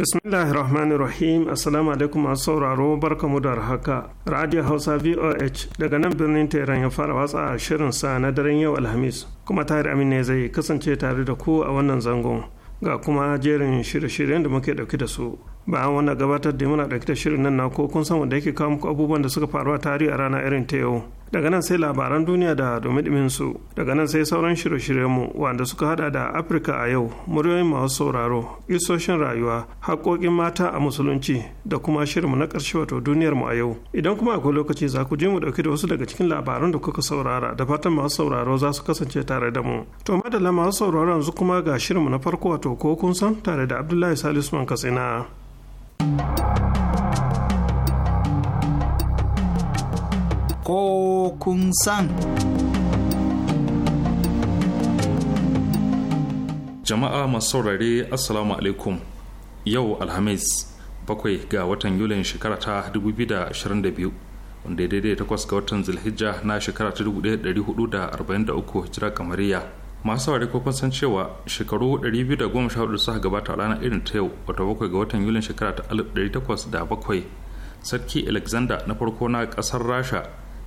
bismillahir rahmanir rahim assalamu alaikum masu sauraro barkamu da haka radio hausa voh daga nan birnin teran ya fara watsa a shirin sa na daren yau alhamis kuma tahir amin ne zai kasance tare da ku a wannan zangon ga kuma jerin shirye-shiryen da muke dauke da su bayan wannan gabatar da muna ɗauki da shirin nan na ko kun san wanda yake kawo muku abubuwan da suka faru a tarihi a rana irin ta yau daga nan sai labaran duniya da domin su daga nan sai sauran shirye-shiryenmu wanda suka hada da afirka a yau muryoyin masu sauraro isoshin rayuwa haƙoƙin mata a musulunci da kuma shirinmu na ƙarshe wato duniyarmu a yau idan kuma akwai lokaci za ku je mu ɗauki da wasu daga cikin labaran da kuka saurara da fatan masu sauraro za su kasance tare da mu to madalla masu sauraro yanzu kuma ga shirinmu na farko wato ko kun san tare da abdullahi salisu man katsina. ko kun san. Jama'a masu saurare Assalamu alaikum yau Alhamis bakwai ga watan Yulin shekara ta 2022 wanda daidai takwas ga watan Zulhijja na shekara ta 1443 hijira kamariya. Masu saurare ko kun san cewa shekaru 214 suka gabata a ranar irin ta yau wata bakwai ga watan Yulin shekara ta 1807 Sarki Alexander na farko na ƙasar Rasha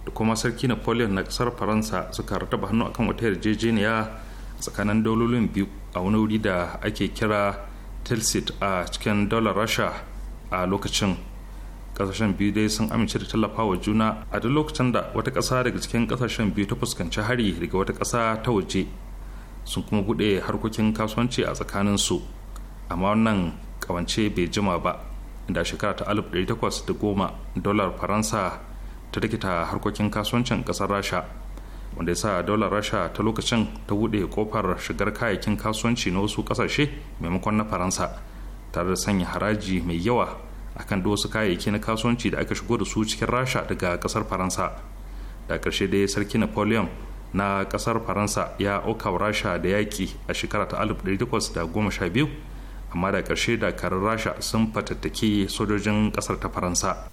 da kuma sarki napoleon na kasar faransa suka rataba hannu akan wata yarjejeniya tsakanin daulolin biyu a wani wuri da ake kira tilsit a cikin dalar rasha a lokacin kasashen biyu dai sun amince da tallafawa juna a duk lokacin da wata kasa daga cikin kasashen biyu ta fuskanci hari daga wata kasa ta waje sun kuma bude harkokin kasuwanci a tsakanin su amma wannan kawance bai jima ba inda shekara ta 1810 dolar faransa ta rikita harkokin kasuwancin kasar rasha wanda ya sa daular rasha ta lokacin ta buɗe kofar shigar kayayyakin kasuwanci na wasu kasashe maimakon na faransa tare da sanya haraji mai yawa akan da wasu kayayyaki na kasuwanci da aka shigo da su cikin rasha daga ƙasar faransa da ƙarshe dai sarki napoleon na ƙasar faransa ya auka rasha da yaƙi a shekara ta alif ɗari da sha biyu amma da ƙarshe dakarun rasha sun fatattake sojojin ƙasar ta faransa.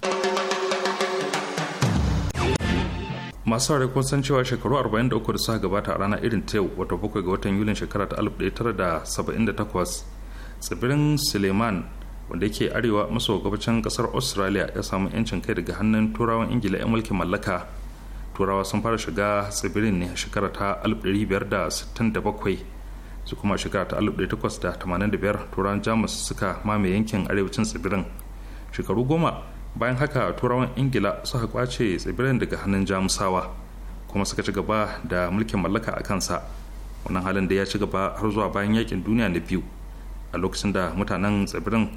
masu saurari kun san cewa shekaru 43 da suka gabata a rana irin ta yau wata bakwai ga watan yulin shekara ta 1978 tsibirin suleiman wanda ke arewa maso gabacin kasar australia ya samu 'yancin kai daga hannun turawan ingila 'yan mulkin mallaka turawa sun fara shiga tsibirin ne a shekara ta 1567 su kuma shekara ta 1885 turawan jamus suka mamaye yankin arewacin tsibirin shekaru goma bayan haka turawan ingila suka kwace tsibirin daga hannun jamusawa kuma suka ci gaba da mulkin mallaka a kansa wannan halin da ya ci gaba har zuwa bayan yakin duniya na biyu a lokacin da mutanen tsibirin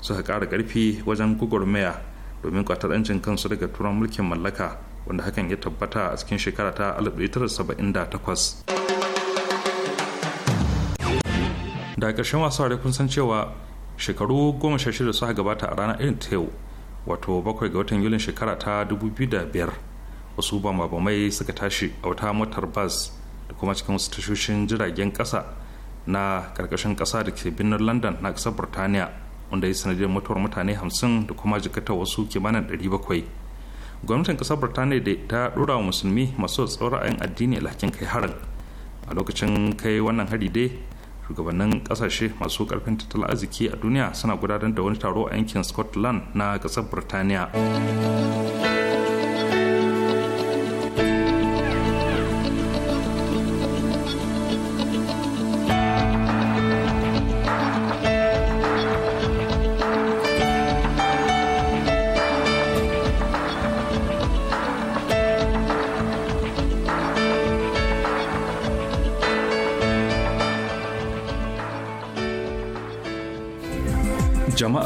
suka ƙara ƙarfi wajen gugurmaya domin kwatar 'yancin kansu daga turan mulkin mallaka wanda hakan ya tabbata a cikin shekara ta 1978 da ƙarshen wasu kun san cewa shekaru goma sha shida suka gabata a ranar irin ta yau wato bakwai ga watan yulin shekara ta 2005 wasu bamabamai suka tashi a wata motar bas da kuma cikin wasu tashoshin jiragen kasa na karkashin kasa da ke birnin london na kasar burtaniya wanda ya sanadiyar mutuwar mutane 50 da kuma jikata wasu kimanin 700 gwamnatin kasar burtaniya da ta dora wa musulmi masu tsoron ra'ayin addini alhakin kai harin a lokacin kai wannan hari dai shugabannin kasashe masu karfin tattalin arziki a duniya suna gudanar da wani taro a yankin scotland na kasar birtaniya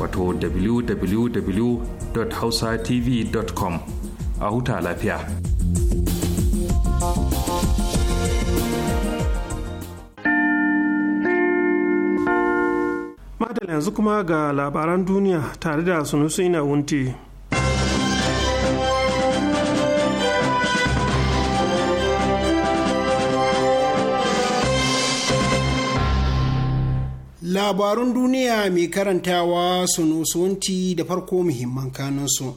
wato www.hausatv.com a huta lafiya. Madalla yanzu kuma ga labaran duniya tare da sunusu ina wunti. Labarun duniya mai karantawa sunusunti da farko muhimman kanunsu.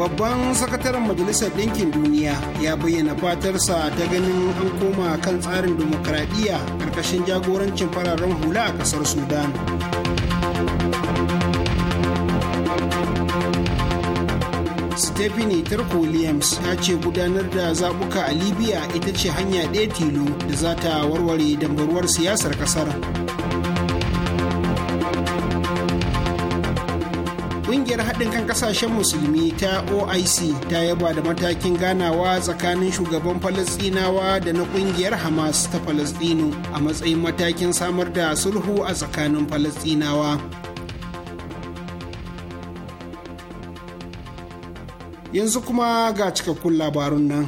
Babban sakataren Majalisar Ɗinkin Duniya ya bayyana fatarsa ta ganin an koma kan tsarin dimokuraɗiyya ƙarƙashin jagorancin fararen hula a ƙasar Sudan. Stephanie Tarko Williams ya ce gudanar da zaɓuka a Libya ita ce hanya ɗaya tilo da za ta warware dambarwar siyasar ƙasar. ƙungiyar haɗin kan ƙasashen musulmi ta oic ta yaba da matakin ganawa tsakanin shugaban falasɗinawa da na ƙungiyar hamas ta falasɗinu a matsayin matakin samar da sulhu a tsakanin falasɗinawa yanzu kuma ga cikakkun labarun nan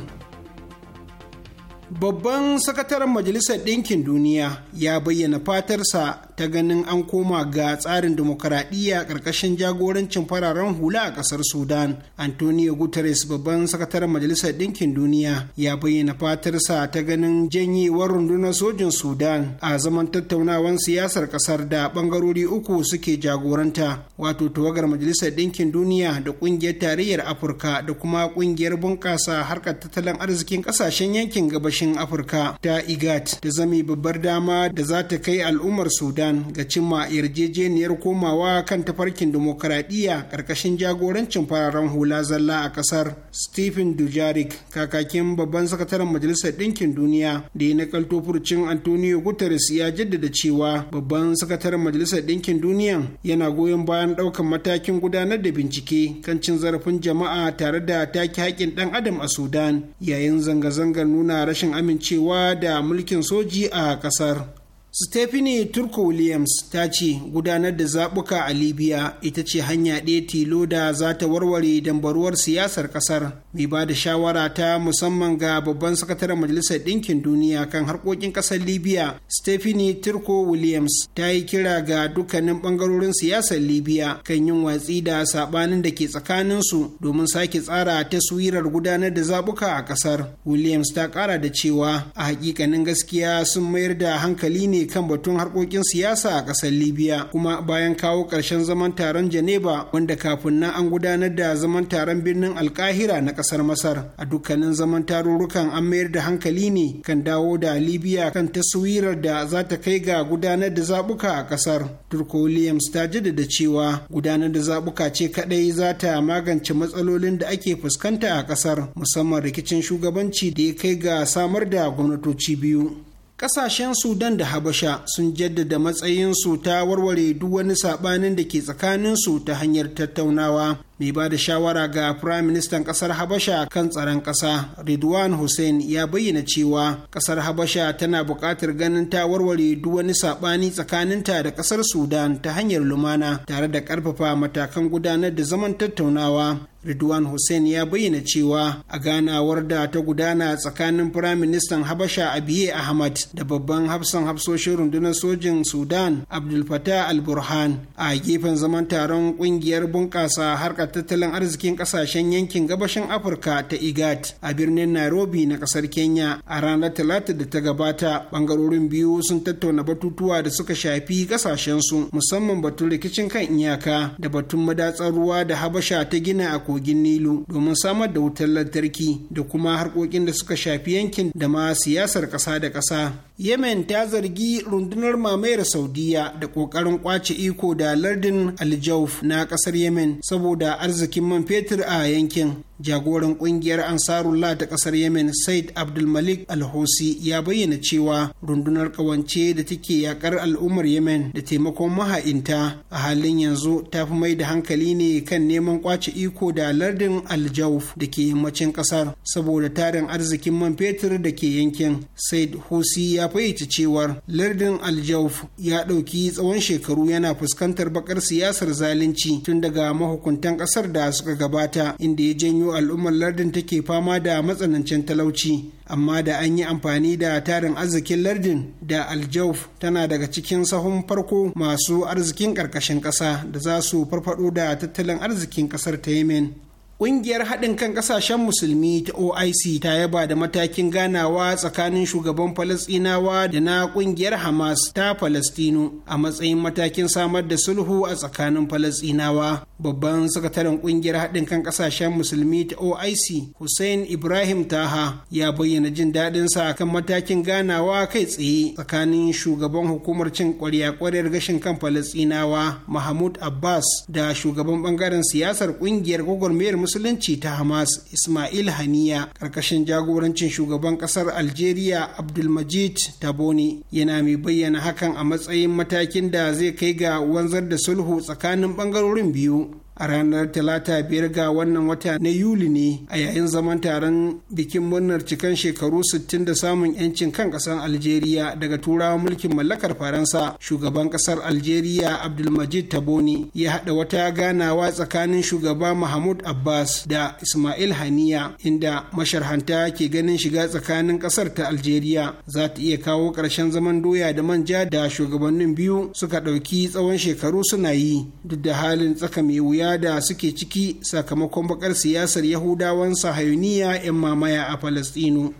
babban sakataren majalisar ɗinkin duniya ya bayyana fatarsa ta ganin an koma ga tsarin dimokuraɗiyya ƙarƙashin jagorancin fararen hula a ƙasar sudan antonio guterres babban sakataren majalisar ɗinkin duniya ya bayyana fatarsa ta ganin janyewar rundunar sojin sudan a zaman tattaunawan siyasar ƙasar da ɓangarori uku suke jagoranta wato tawagar majalisar ɗinkin duniya da ƙungiyar tarayyar afirka da kuma ƙungiyar bunƙasa harkar tattalin arzikin ƙasashen yankin gabashin afirka ta igat da zami babbar dama da za ta kai al'ummar sudan ga cimma yarjejeniyar komawa kan tafarkin dimokuraɗiyya ƙarƙashin jagorancin fararen hula zalla a ƙasar stephen dujaric kakakin babban sakataren majalisar ɗinkin duniya da ya na furcin antonio guterres ya jaddada cewa babban sakataren majalisar ɗinkin duniya yana goyon bayan ɗaukan matakin gudanar da bincike kan cin zarafin jama'a tare da take haƙƙin ɗan adam a sudan yayin zanga-zangar nuna rashin amincewa da mulkin soji a ƙasar Stephanie Turko Williams ta ce gudanar da zaɓuka a Libya ita ce hanya ɗaya tilo da za ta warware dambaruwar siyasar ƙasar. Mai ba da shawara ta musamman ga babban sakataren Majalisar Ɗinkin Duniya kan harkokin ƙasar Libya, Stephanie Turko Williams ta yi kira ga dukkanin ɓangarorin siyasar Libya kan yin watsi da saɓanin da ke tsakaninsu domin sake tsara taswirar gudanar da zabuka a ƙasar. Williams ta ƙara da cewa a hakikanin gaskiya sun mayar da hankali ne kan batun harkokin siyasa a ƙasar libya kuma bayan kawo ƙarshen zaman taron geneva wanda kafin nan an gudanar da zaman taron birnin alkahira na ƙasar masar a dukkanin zaman tarurrukan an mayar da hankali ne kan dawo da libya kan taswirar da za ta kai ga gudanar da zabuka a ƙasar turko williams ta jaddada cewa gudanar da zabuka ce kadai za ta magance matsalolin da ake fuskanta a ƙasar musamman rikicin shugabanci da ya kai ga samar da gwamnatoci biyu kasashen Sudan da Habasha sun jaddada matsayinsu ta warware duk wani sabanin da ke tsakaninsu ta hanyar tattaunawa. mai ba da shawara ga firayim ministan kasar habasha kan tsaron kasa ridwan hussein ya bayyana cewa kasar habasha tana buƙatar ganin ta warware duk wani saɓani tsakaninta da kasar sudan ta hanyar lumana tare da ƙarfafa matakan gudanar da zaman tattaunawa Ridwan Hussein ya bayyana cewa a ganawar da ta gudana tsakanin Firaministan Habasha Abiye Ahmad da babban hafsan hafsoshin rundunar sojin Sudan Abdul Fattah al-Burhan a gefen zaman taron kungiyar bunƙasa harkar tattalin arzikin kasashen yankin gabashin afirka ta igat a birnin nairobi na kasar kenya a ranar talata da ta gabata bangarorin biyu sun tattauna batutuwa da suka shafi kasashensu musamman batun rikicin kan iyaka da batun madatsar ruwa da habasha ta gina a kogin nilu domin samar da wutar lantarki da kuma harkokin da suka shafi yankin da ma siyasar kasa da kasa yemen ta zargi rundunar mamayar saudiya da ƙoƙarin ƙwace iko da lardin aljauf na ƙasar yemen saboda arzikin man fetur a yankin jagoran kungiyar ansarullah ta kasar yemen said abdulmalik alhosi ya bayyana cewa rundunar kawance da take yakar al'ummar yemen da taimakon maha'inta a halin yanzu ta fi mai da hankali ne kan neman kwace iko da lardin aljauf da ke yammacin kasar saboda tarin arzikin man fetur da ke yankin said hosi ya fayyace cewar lardin aljauf ya ɗauki tsawon shekaru yana fuskantar bakar siyasar zalunci tun daga mahukuntan kasar da suka gabata inda ya janyo al'ummar lardin take fama da matsanancin talauci amma da an yi amfani da tarin arzikin lardin da aljauf tana daga cikin sahun farko masu arzikin ƙarƙashin ƙasa da za su farfado da tattalin arzikin ƙasar ta yemen Ƙungiyar haɗin kan ƙasashen musulmi ta OIC ta yaba da matakin ganawa tsakanin shugaban Falastinawa da na ƙungiyar Hamas ta Falastinu a matsayin matakin samar da sulhu a tsakanin Falasɗinawa. Babban sakataren ƙungiyar haɗin kan ƙasashen musulmi ta OIC Hussein Ibrahim Taha ya bayyana jin daɗinsa kan matakin ganawa kai tsaye tsakanin shugaban hukumar cin ƙwarya gashin kan Falasɗinawa Mahmud Abbas da shugaban ɓangaren siyasar ƙungiyar gwagwarmayar musulunci ta hamas ismail haniya karkashin jagorancin shugaban kasar algeria abdulmajid taboni yana mai bayyana hakan a matsayin matakin da zai kai ga wanzar da sulhu tsakanin bangarorin biyu a ranar talata biyar ga wannan wata na yuli ne a yayin zaman taron bikin murnar cikan shekaru 60 da samun yancin kan kasar algeria daga turawan mulkin mallakar faransa shugaban kasar algeria abdulmajid taboni ya haɗa wata ganawa tsakanin shugaba mahmud abbas da ismail haniya inda masharhanta ke ganin shiga tsakanin kasar ta algeria za ta iya kawo ƙarshen zaman doya da manja da shugabannin biyu suka ɗauki tsawon shekaru suna yi duk da halin tsaka mai wuya da suke ciki sakamakon bakar siyasar yahudawan sahayuniya 'yan mamaya a falastinu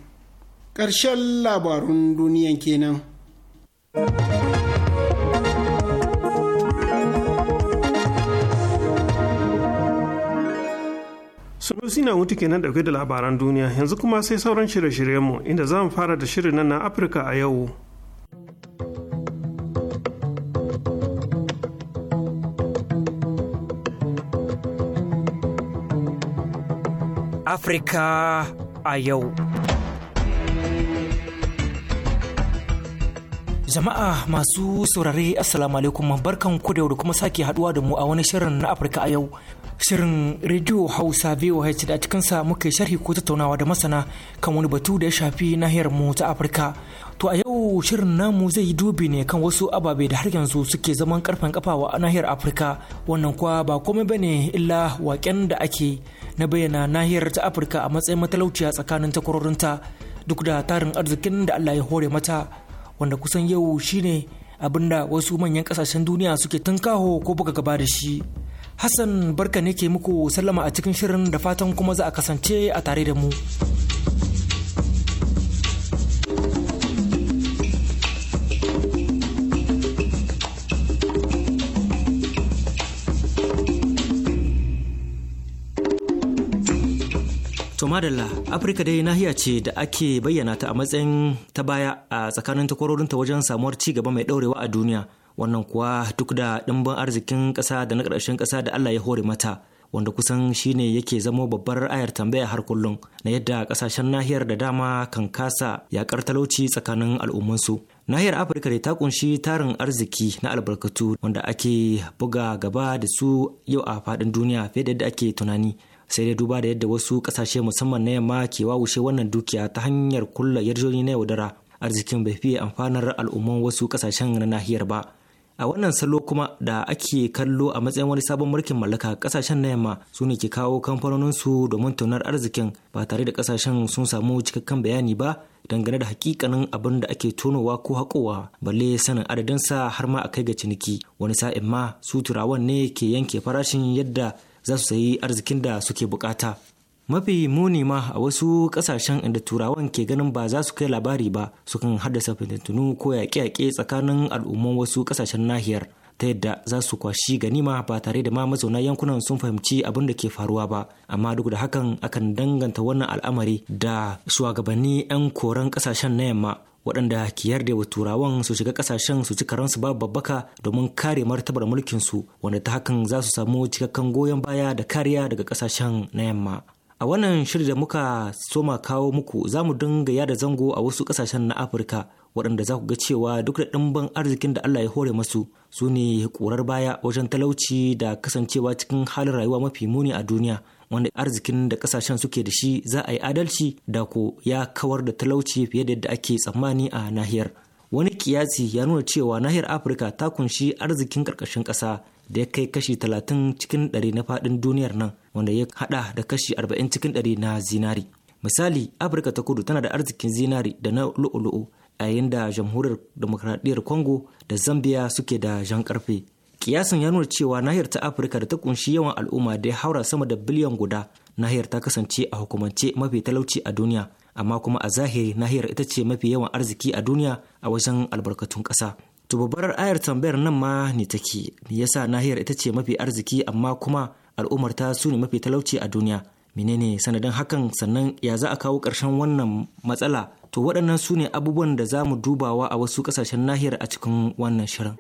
ƙarshen labarun duniyan kenan. Sunusi na wuta kenan dauke da labaran duniya yanzu kuma sai sauran shirye-shiryenmu inda za mu fara da shirin nan na Afirka a yau. Afirka a yau. Jama'a masu saurare Assalamu alaikum barkan ku da kuma sake haduwa da mu a wani shirin na Afirka a yau. Shirin rediyo Hausa VOH da cikinsa muke sharhi ko tattaunawa da masana kan wani batu da ya shafi nahiyar mu ta Afirka. To a yau shirin namu zai yi dubi ne kan wasu ababe da har yanzu suke zaman karfen kafa a nahiyar Afirka. Wannan kuwa ba komai bane illa waken da ake na bayyana nahiyar ta Afirka a matsayin matalauciya tsakanin takwarorinta duk da tarin arzikin da Allah ya hore mata wanda kusan yau shine abinda wasu manyan kasashen duniya suke tunkaho ko buga gaba da shi. Hassan barka ne ke muku sallama a cikin shirin da fatan kuma za a kasance a tare da mu. madalla afirka dai nahiya ce da ake bayyana ta a matsayin ta baya a tsakanin takwarorinta wajen samuwar ci gaba mai ɗorewa a duniya wannan kuwa duk da ɗimbin arzikin ƙasa da na ƙarshen kasa da Allah ya hore mata wanda kusan shine yake zamo babbar ayar tambaya har kullum na yadda kasashen nahiyar da dama kan kasa yaƙar talauci tsakanin al'ummansu nahiyar afirka da ta kunshi tarin arziki na albarkatu wanda ake buga gaba da su yau a faɗin duniya fiye da yadda ake tunani sai dai duba da yadda wasu kasashe musamman na yamma ke wawushe wannan dukiya ta hanyar kulla yarjoni na yaudara arzikin bai fiye amfanar al'umman wasu kasashen na nahiyar ba a wannan salo kuma da ake kallo a matsayin wani sabon mulkin mallaka kasashen na yamma su ne ke kawo kamfanoninsu domin tunar arzikin ba tare da kasashen sun samu cikakken bayani ba dangane da hakikanin abin da ake tonowa ko haƙowa balle sanin adadinsa har ma a kai ga ciniki wani sa'in ma su turawan ne ke yanke farashin yadda za su sayi arzikin da suke bukata mafi muni ma a wasu kasashen inda turawan ke ganin ba za su kai labari ba sukan haddasa fitintunu ko yaƙe-yaƙe tsakanin al'umman wasu kasashen nahiyar ta yadda za su kwashi ganima ba tare da ma mazauna yankunan sun fahimci abin da ke faruwa ba amma duk da hakan akan danganta wannan al'amari da shugabanni 'yan koren kasashen na yamma waɗanda ke yarda wa turawan su shiga ƙasashen su ci karansu babu babbaka domin kare martabar mulkinsu wanda ta hakan za su samu cikakken goyon baya da kariya daga ƙasashen na yamma A wannan shirin da muka soma kawo muku za mu dinga yada zango a wasu ƙasashen na Afirka waɗanda za ku ga cewa duk da ɗimban arzikin da Allah ya hore masu su ne ƙurar baya wajen talauci da kasancewa cikin halin rayuwa mafi muni a duniya wanda arzikin da ƙasashen suke da shi za a yi adalci da ko ya kawar da talauci fiye da yadda ake tsammani a nahiyar. wani kiyasi ya nuna cewa nahiyar afirka ta kunshi arzikin ƙarƙashin ƙasa da ya kai kashi 30 cikin 100 na faɗin duniyar nan wanda ya hada da kashi 40 cikin 100 na zinari misali afirka ta kudu tana da arzikin zinari da na lu'ulu'u yayin da jamhuriyar demokradiyyar congo da zambia suke da jan karfe kiyasin ya nuna cewa nahiyar ta afirka da ta kunshi yawan al'umma da ya haura sama da biliyan guda nahiyar ta kasance a hukumance mafi talauci a duniya amma kuma a zahiri nahiyar ita ce mafi yawan arziki a duniya a wajen albarkatun ƙasa. To babbar ayar tambayar nan ma ne take, me yasa nahiyar ita ce mafi arziki amma kuma al'ummar ta su ne mafi talauci a duniya? Menene sanadin hakan sannan ya za a kawo ƙarshen wannan matsala? To waɗannan su ne abubuwan da za mu dubawa a wasu ƙasashen nahiyar a cikin wannan shirin.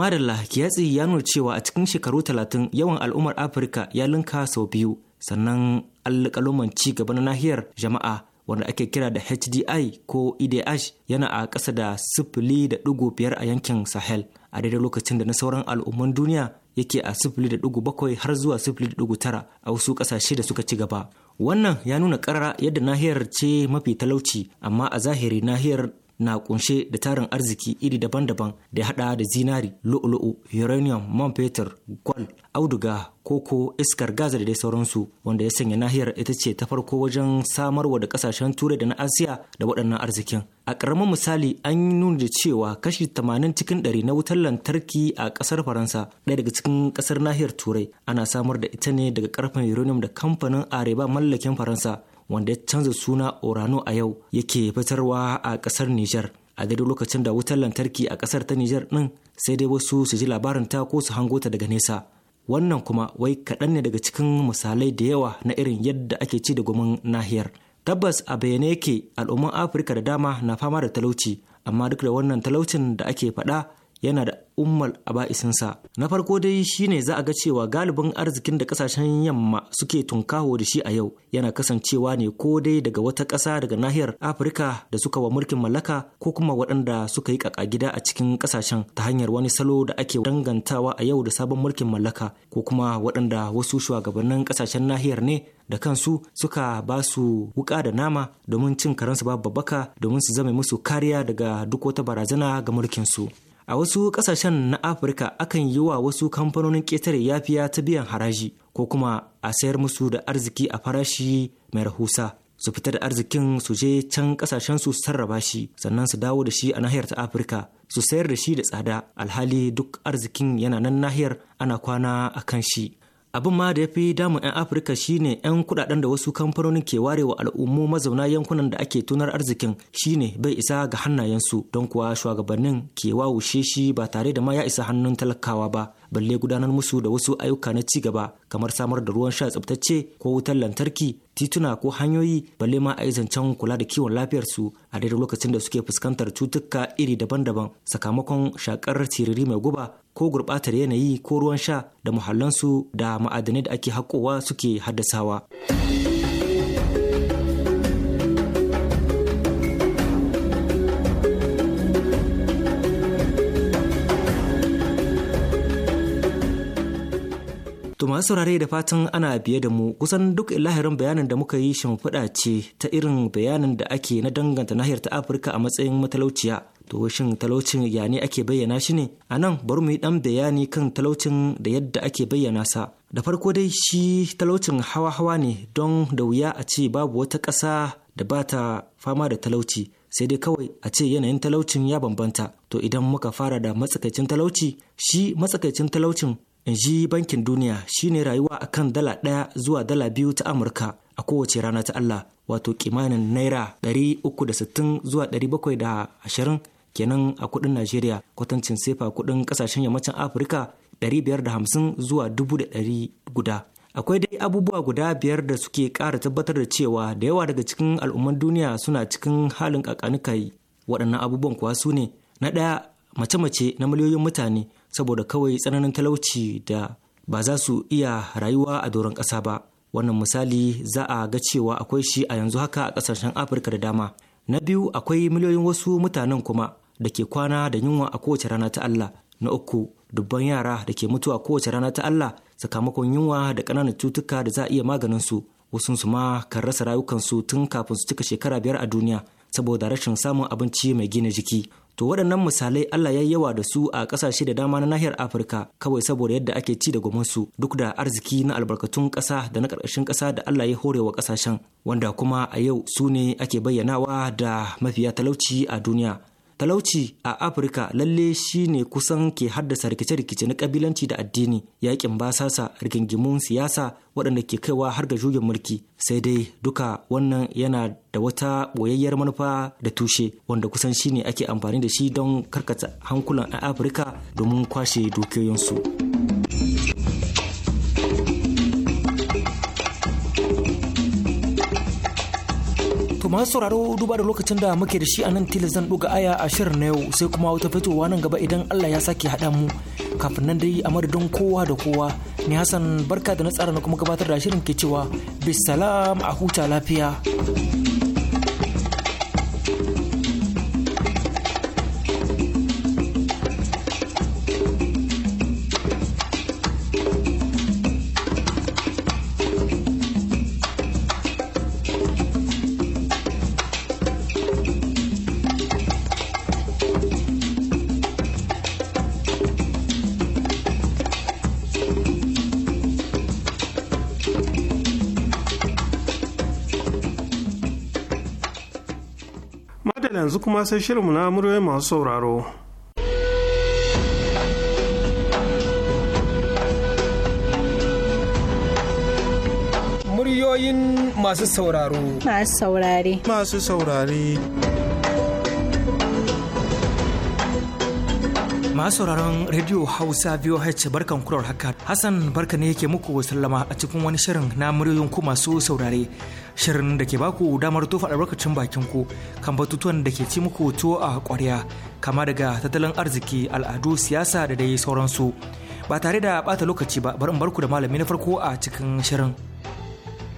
Marilla Kiyatsi ya nuna cewa a cikin shekaru talatin yawan al'ummar Afirka ya linka sau biyu sannan alƙaluman ci gaba na nahiyar jama'a wanda ake kira da HDI ko EDH yana a ƙasa da sifili da ɗigo biyar a yankin Sahel a daidai lokacin da na sauran al'umman duniya yake a sifili da ɗigo bakwai har zuwa sifili da ɗigo tara a wasu ƙasashe da suka ci gaba. Wannan ya nuna ƙarara yadda nahiyar ce mafi talauci amma a zahiri nahiyar na kunshe da tarin arziki iri daban-daban da ya hada da zinari lu'u-lu'u uranium man fetur gwal auduga koko iskar gaza da dai sauransu wanda ya sanya nahiyar ita ce ta farko wajen samarwa da kasashen turai da na asiya da waɗannan arzikin a ƙaramin misali an yi nuna da cewa kashi 80 cikin ɗari na wutar lantarki a ƙasar faransa ɗaya daga cikin ƙasar nahiyar turai ana samar da ita ne daga ƙarfen uranium da kamfanin areba mallakin faransa wanda ya canza suna orano a yau yake fitarwa a ƙasar nijar a daidai lokacin da wutar lantarki a ƙasar ta nijar ɗin sai dai wasu su ji labarin ta ko su hango ta daga nesa wannan kuma wai kaɗan ne daga cikin misalai da yawa na irin yadda ake ci da gumin nahiyar tabbas a bayyane yake al'umman afirka da dama na fama da talauci amma duk da wannan talaucin da ake faɗa yana da ummal aba'isinsa na farko dai shine za a ga cewa galibin arzikin da kasashen yamma suke tunkaho da shi a yau yana kasancewa ne ko dai daga wata ƙasa daga nahiyar afirka da suka wa mulkin mallaka ko kuma waɗanda suka yi ƙaƙa gida a cikin ƙasashen ta hanyar wani salo da ake dangantawa a yau da sabon mulkin mallaka ko kuma waɗanda wasu shugabannin ƙasashen nahiyar ne da kansu suka ba su wuka da nama domin cin karansu babu baka domin su zama musu kariya daga duk wata barazana ga mulkinsu. A wasu ƙasashen na Afirka akan yi wa wasu kamfanonin ƙetare yafiya ta biyan haraji ko kuma a sayar musu da arziki a farashi mai rahusa. Su fita da arzikin su je can ƙasashen su sarrafa shi sannan su dawo da shi a nahiyar ta Afirka su sayar da shi da tsada alhali duk arzikin yana nan nahiyar ana kwana a kan shi. abin ma da ya fi damun 'yan afirka shine 'yan kudaden da wasu kamfanonin ke ware wa al'ummu mazauna yankunan da ake tunar arzikin shine bai isa ga hannayensu don kuwa shugabannin ke wawushe shi ba tare da ma ya isa hannun talakawa ba balle gudanar musu da wasu ayyuka na ci gaba kamar samar da ruwan sha tsabtacce ko wutar lantarki tituna ko hanyoyi balle ma a yi zancen kula da kiwon lafiyarsu a daidai lokacin da suke fuskantar cutuka iri daban-daban sakamakon shakar siriri mai guba ko gurɓatar yanayi ko ruwan sha da muhallansu da ma'adanai da ake haƙowa suke haddasawa. To masu saurare da fatan ana biye da mu kusan duk lahirin bayanin da muka yi shimfiɗa ce ta irin bayanin da ake na danganta nahiyar ta Afirka a matsayin matalauciya. To shin talaucin ya ne ake bayyana shi ne? A nan bari mu yi ɗan bayani kan talaucin da yadda ake bayyana sa. Da farko dai shi talaucin hawa-hawa ne don da wuya a ce babu wata ƙasa da ba ta fama da talauci. sai dai kawai a ce yanayin talaucin ya bambanta to idan muka fara da matsakaicin talauci shi matsakaicin talaucin in ji bankin duniya shine rayuwa akan dala ɗaya zuwa dala biyu ta amurka a kowace rana ta allah wato kimanin naira ɗari uku da 360 zuwa ashirin kenan a kudin najeriya kwatancin sefa kudin kasashen yammacin afirka ɗari biyar da hamsin zuwa ɗari guda akwai dai abubuwa guda biyar da suke ƙara tabbatar da cewa da yawa daga cikin al'umman duniya suna cikin halin kakanikai waɗannan abubuwan kuwa su ne na ɗaya mace-mace na miliyoyin mutane saboda kawai tsananin talauci da ba za su iya rayuwa a doron ƙasa ba wannan misali za a ga cewa akwai shi a yanzu haka a ƙasashen afirka da dama na biyu akwai miliyoyin wasu mutanen kuma da ke kwana da yunwa a kowace rana ta allah na uku dubban yara da ke mutuwa kowace rana ta allah sakamakon yunwa da ƙananan cutuka da za a iya maganin su wasu su ma kan rasa rayukansu tun kafin su cika shekara biyar a duniya saboda rashin samun abinci mai gina jiki To waɗannan misalai Allah ya yawa da su a ƙasashe da dama na nahiyar Afirka kawai saboda yadda ake ci da su duk da arziki na albarkatun ƙasa da na ƙarƙashin ƙasa da Allah ya hore wa ƙasashen wanda kuma a yau su ne ake bayyanawa da mafiya talauci a duniya. talauci a afirka lalle shine kusan ke haddasa rikice-rikice na kabilanci da addini yakin basasa rigingimun siyasa waɗanda ke kaiwa har ga juyin mulki sai dai duka wannan yana da wata ɓoyayyar manufa da tushe wanda kusan shine ake amfani da shi don karkata hankulan a afirka domin kwashe dukiyoyinsu. masu sauraro duba da lokacin da muke da shi a nan tilas zan ɗuga aya a shirin na yau sai kuma wata fitowa nan gaba idan Allah ya sake haɗa mu kafin nan dai a madadin kowa da kowa ni Hassan barka da na tsara na kuma gabatar da shirin ke cewa bisalam a huta lafiya. kuma sai shirinmu na muryoyin masu sauraro. Muryoyin masu sauraro. Masu saurare. Masu saurare. masu sauraron Radio Hausa VOH barkan kurar haka. Hassan barka ne yake muku sallama a cikin wani shirin na muryoyin ku masu saurare. shirin da ke baku damar tofa albarkacin bakin ku kan batutuwan da ke ci muku tuwo a ƙwarya kama daga tattalin arziki al'adu siyasa da dai sauransu ba tare da bata lokaci ba bari in barku da malami na farko a cikin shirin.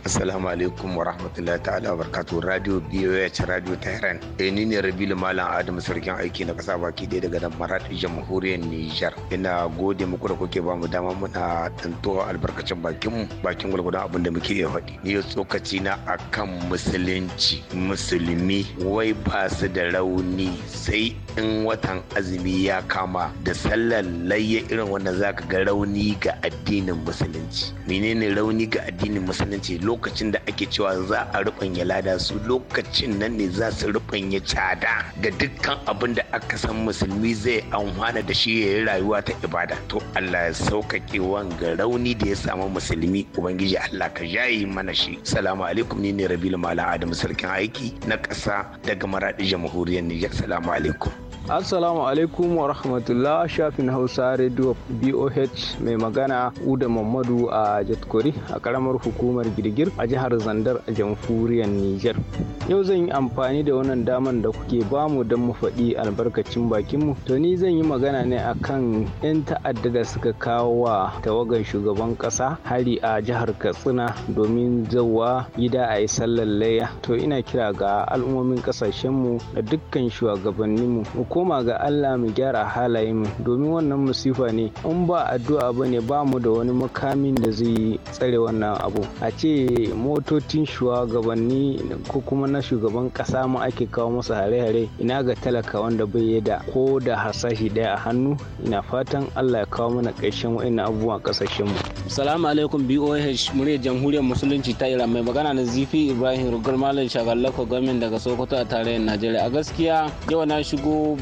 Assalamu alaikum wa rahmatullahi ta'ala wa barakatuh Radio BOH Radio Tehran. Eh ni ne Rabilu Malam Adamu sarkin aiki na kasa baki dai daga nan Marat Jamhuriyar Nijar. Ina gode muku da kuke ba mu dama muna tantowa albarkacin bakin mu bakin gulgudan abin da muke iya faɗi. Ni tsokaci na akan musulunci musulmi wai ba su da rauni sai in watan azumi ya kama da sallar layya irin wannan zaka ga rauni ga addinin musulunci. Menene rauni ga addinin musulunci lokacin da ake cewa za a ruɓanya lada su lokacin nan ne za su rubanya cada ga dukkan abin da aka san musulmi zai amfana da shi ya yi rayuwa ta ibada to Allah ya sauƙaƙe wanga rauni da ya samu musulmi ubangiji Allah ka jayi mana shi salamu alaikum ni ne rabilu Malam Adam sarkin aiki na ƙasa daga Maradi jamhuriyar Nijar salamu alaikum Assalamu alaikum wa rahmatullah shafin Hausa Radio BOH mai magana Uda Mamadu a Jatkori a karamar hukumar Girgir a jihar Zandar a jamhuriyar niger. Yau zan yi amfani da wannan daman da kuke bamu don mu faɗi albarkacin bakinmu. To ni zan yi magana ne akan 'yan ta'adda da suka kawo wa tawagar shugaban ƙasa hari a jihar Katsina domin zawa gida a yi sallar layya. To ina kira ga al'ummomin ƙasashenmu da dukkan shugabanninmu koma ga Allah mu gyara halayen mu domin wannan musifa ne in ba addu'a ba ne ba mu da wani makamin da zai tsare wannan abu a ce motocin shugabanni ko kuma na shugaban kasa mu ake kawo masa hare-hare ina ga talaka wanda bai yi da ko da hasashi daya a hannu ina fatan Allah ya kawo mana ƙarshen wa'annan abubuwan kasashen mu salamu alaikum BOH muryar jamhuriyar musulunci ta Iran mai magana na Zifi Ibrahim Rugar Malam Shagallako gwamnati daga Sokoto a tarayyar Najeriya a gaskiya yau na shigo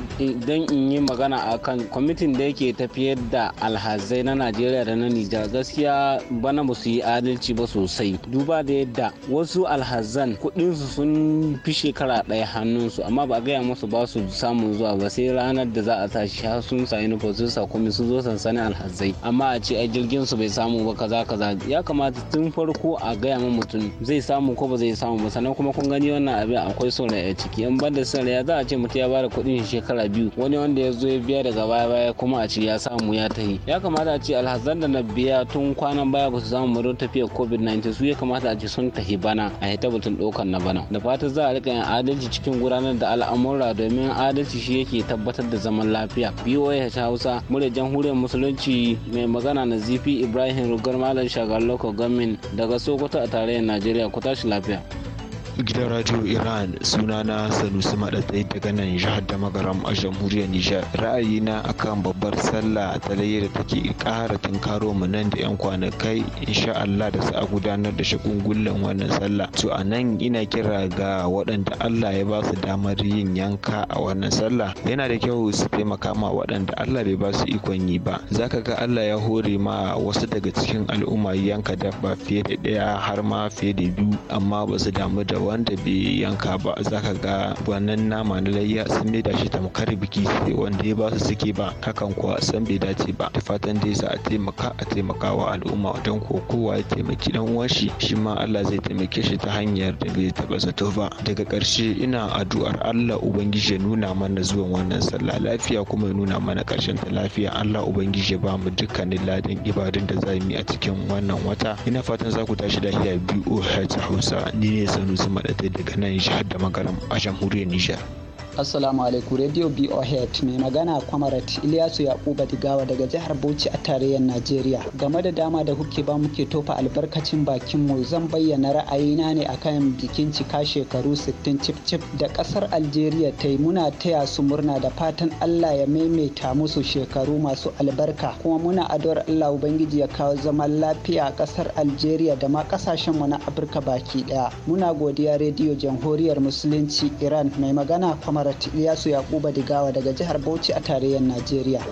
don in yi magana a kan kwamitin da yake tafiyar da alhazai na najeriya da na nijar gaskiya bana ba yi adalci ba sosai duba da yadda wasu alhazan kudinsu sun fi shekara ɗaya hannunsu amma ba a gaya musu ba su samun zuwa ba sai ranar da za a tashi shi sun sa uniform sun sa komai sun zo sansanin alhazai amma a ce a jirgin su bai samu ba kaza kaza ya kamata tun farko a gaya ma mutum zai samu ko ba zai samu ba sannan kuma kun gani wannan abin akwai son a ciki in banda da son rai za a ce mutum ya bada kudin shekara shekara biyu wani wanda ya zo ya biya daga baya baya kuma a ce ya samu ya tahi ya kamata a ce alhazan da na biya tun kwanan baya ba su samu mu tafiyar covid-19 su ya kamata a ce sun tahi bana a hita batun ɗaukar na bana da fata za a rika yin adalci cikin gudanar da al'amura domin adalci shi yake tabbatar da zaman lafiya boa ta hausa murya jamhuriyar musulunci mai magana na zifi ibrahim rugar malam shagar local government daga sokoto a tarayyar najeriya ku tashi lafiya. gidan radio iran sunana sanusi maɗaɗai daga nan jihar da magaram a jamhuriyar nijar na akan babbar sallah ta laye da take kara tunkaro mu nan da yan kwanakai insha allah da a gudanar da shagungullan wannan sallah to a nan ina kira ga waɗanda allah ya ba su damar yin yanka a wannan sallah yana da kyau su taimaka ma waɗanda allah bai ba su ikon yi ba zaka ga allah ya hore ma wasu daga cikin al'umma yanka dabba fiye da ɗaya har ma fiye da biyu amma ba su damu da wanda bai yanka ba za ka ga wannan nama na layya sun da shi tamkar biki sai wanda ya ba su suke ba hakan kuwa san bai dace ba da fatan dai za a taimaka a taimaka wa al'umma don ko kowa ya taimaki dan uwan shi shi ma Allah zai taimake shi ta hanyar da bai taba zato ba daga ƙarshe ina addu'ar Allah ubangiji ya nuna mana zuwan wannan sallah lafiya kuma ya nuna mana ƙarshen ta lafiya Allah ubangiji ya ba mu dukkanin ladan ibadun da za mu yi a cikin wannan wata ina fatan za ku tashi lafiya biyu Hausa ni ne Sanusi Maɗatai daga nan jihar da magaram a jamhuriyar Nijar. Assalamu alaikum Radio BOHead mai magana Kwamarat iliyasu Yakuba Digawa daga jihar Bauchi a tarayyar Najeriya. Game da dama da kuke ba muke tofa albarkacin bakin mu zan bayyana ra'ayina ne akan bikin cika shekaru 60 cip-cip. da kasar Algeria ta yi muna taya su murna da fatan Allah ya maimaita musu shekaru masu albarka kuma muna addu'ar Allah Ubangiji ya kawo zaman lafiya a kasar Algeria da ma kasashen mu na Afirka baki daya. Muna godiya Radio Jamhuriyar Musulunci Iran mai magana Kwamarat Comrade Ilyasu Yakuba Digawa daga jihar Bauchi a tarayyar Najeriya.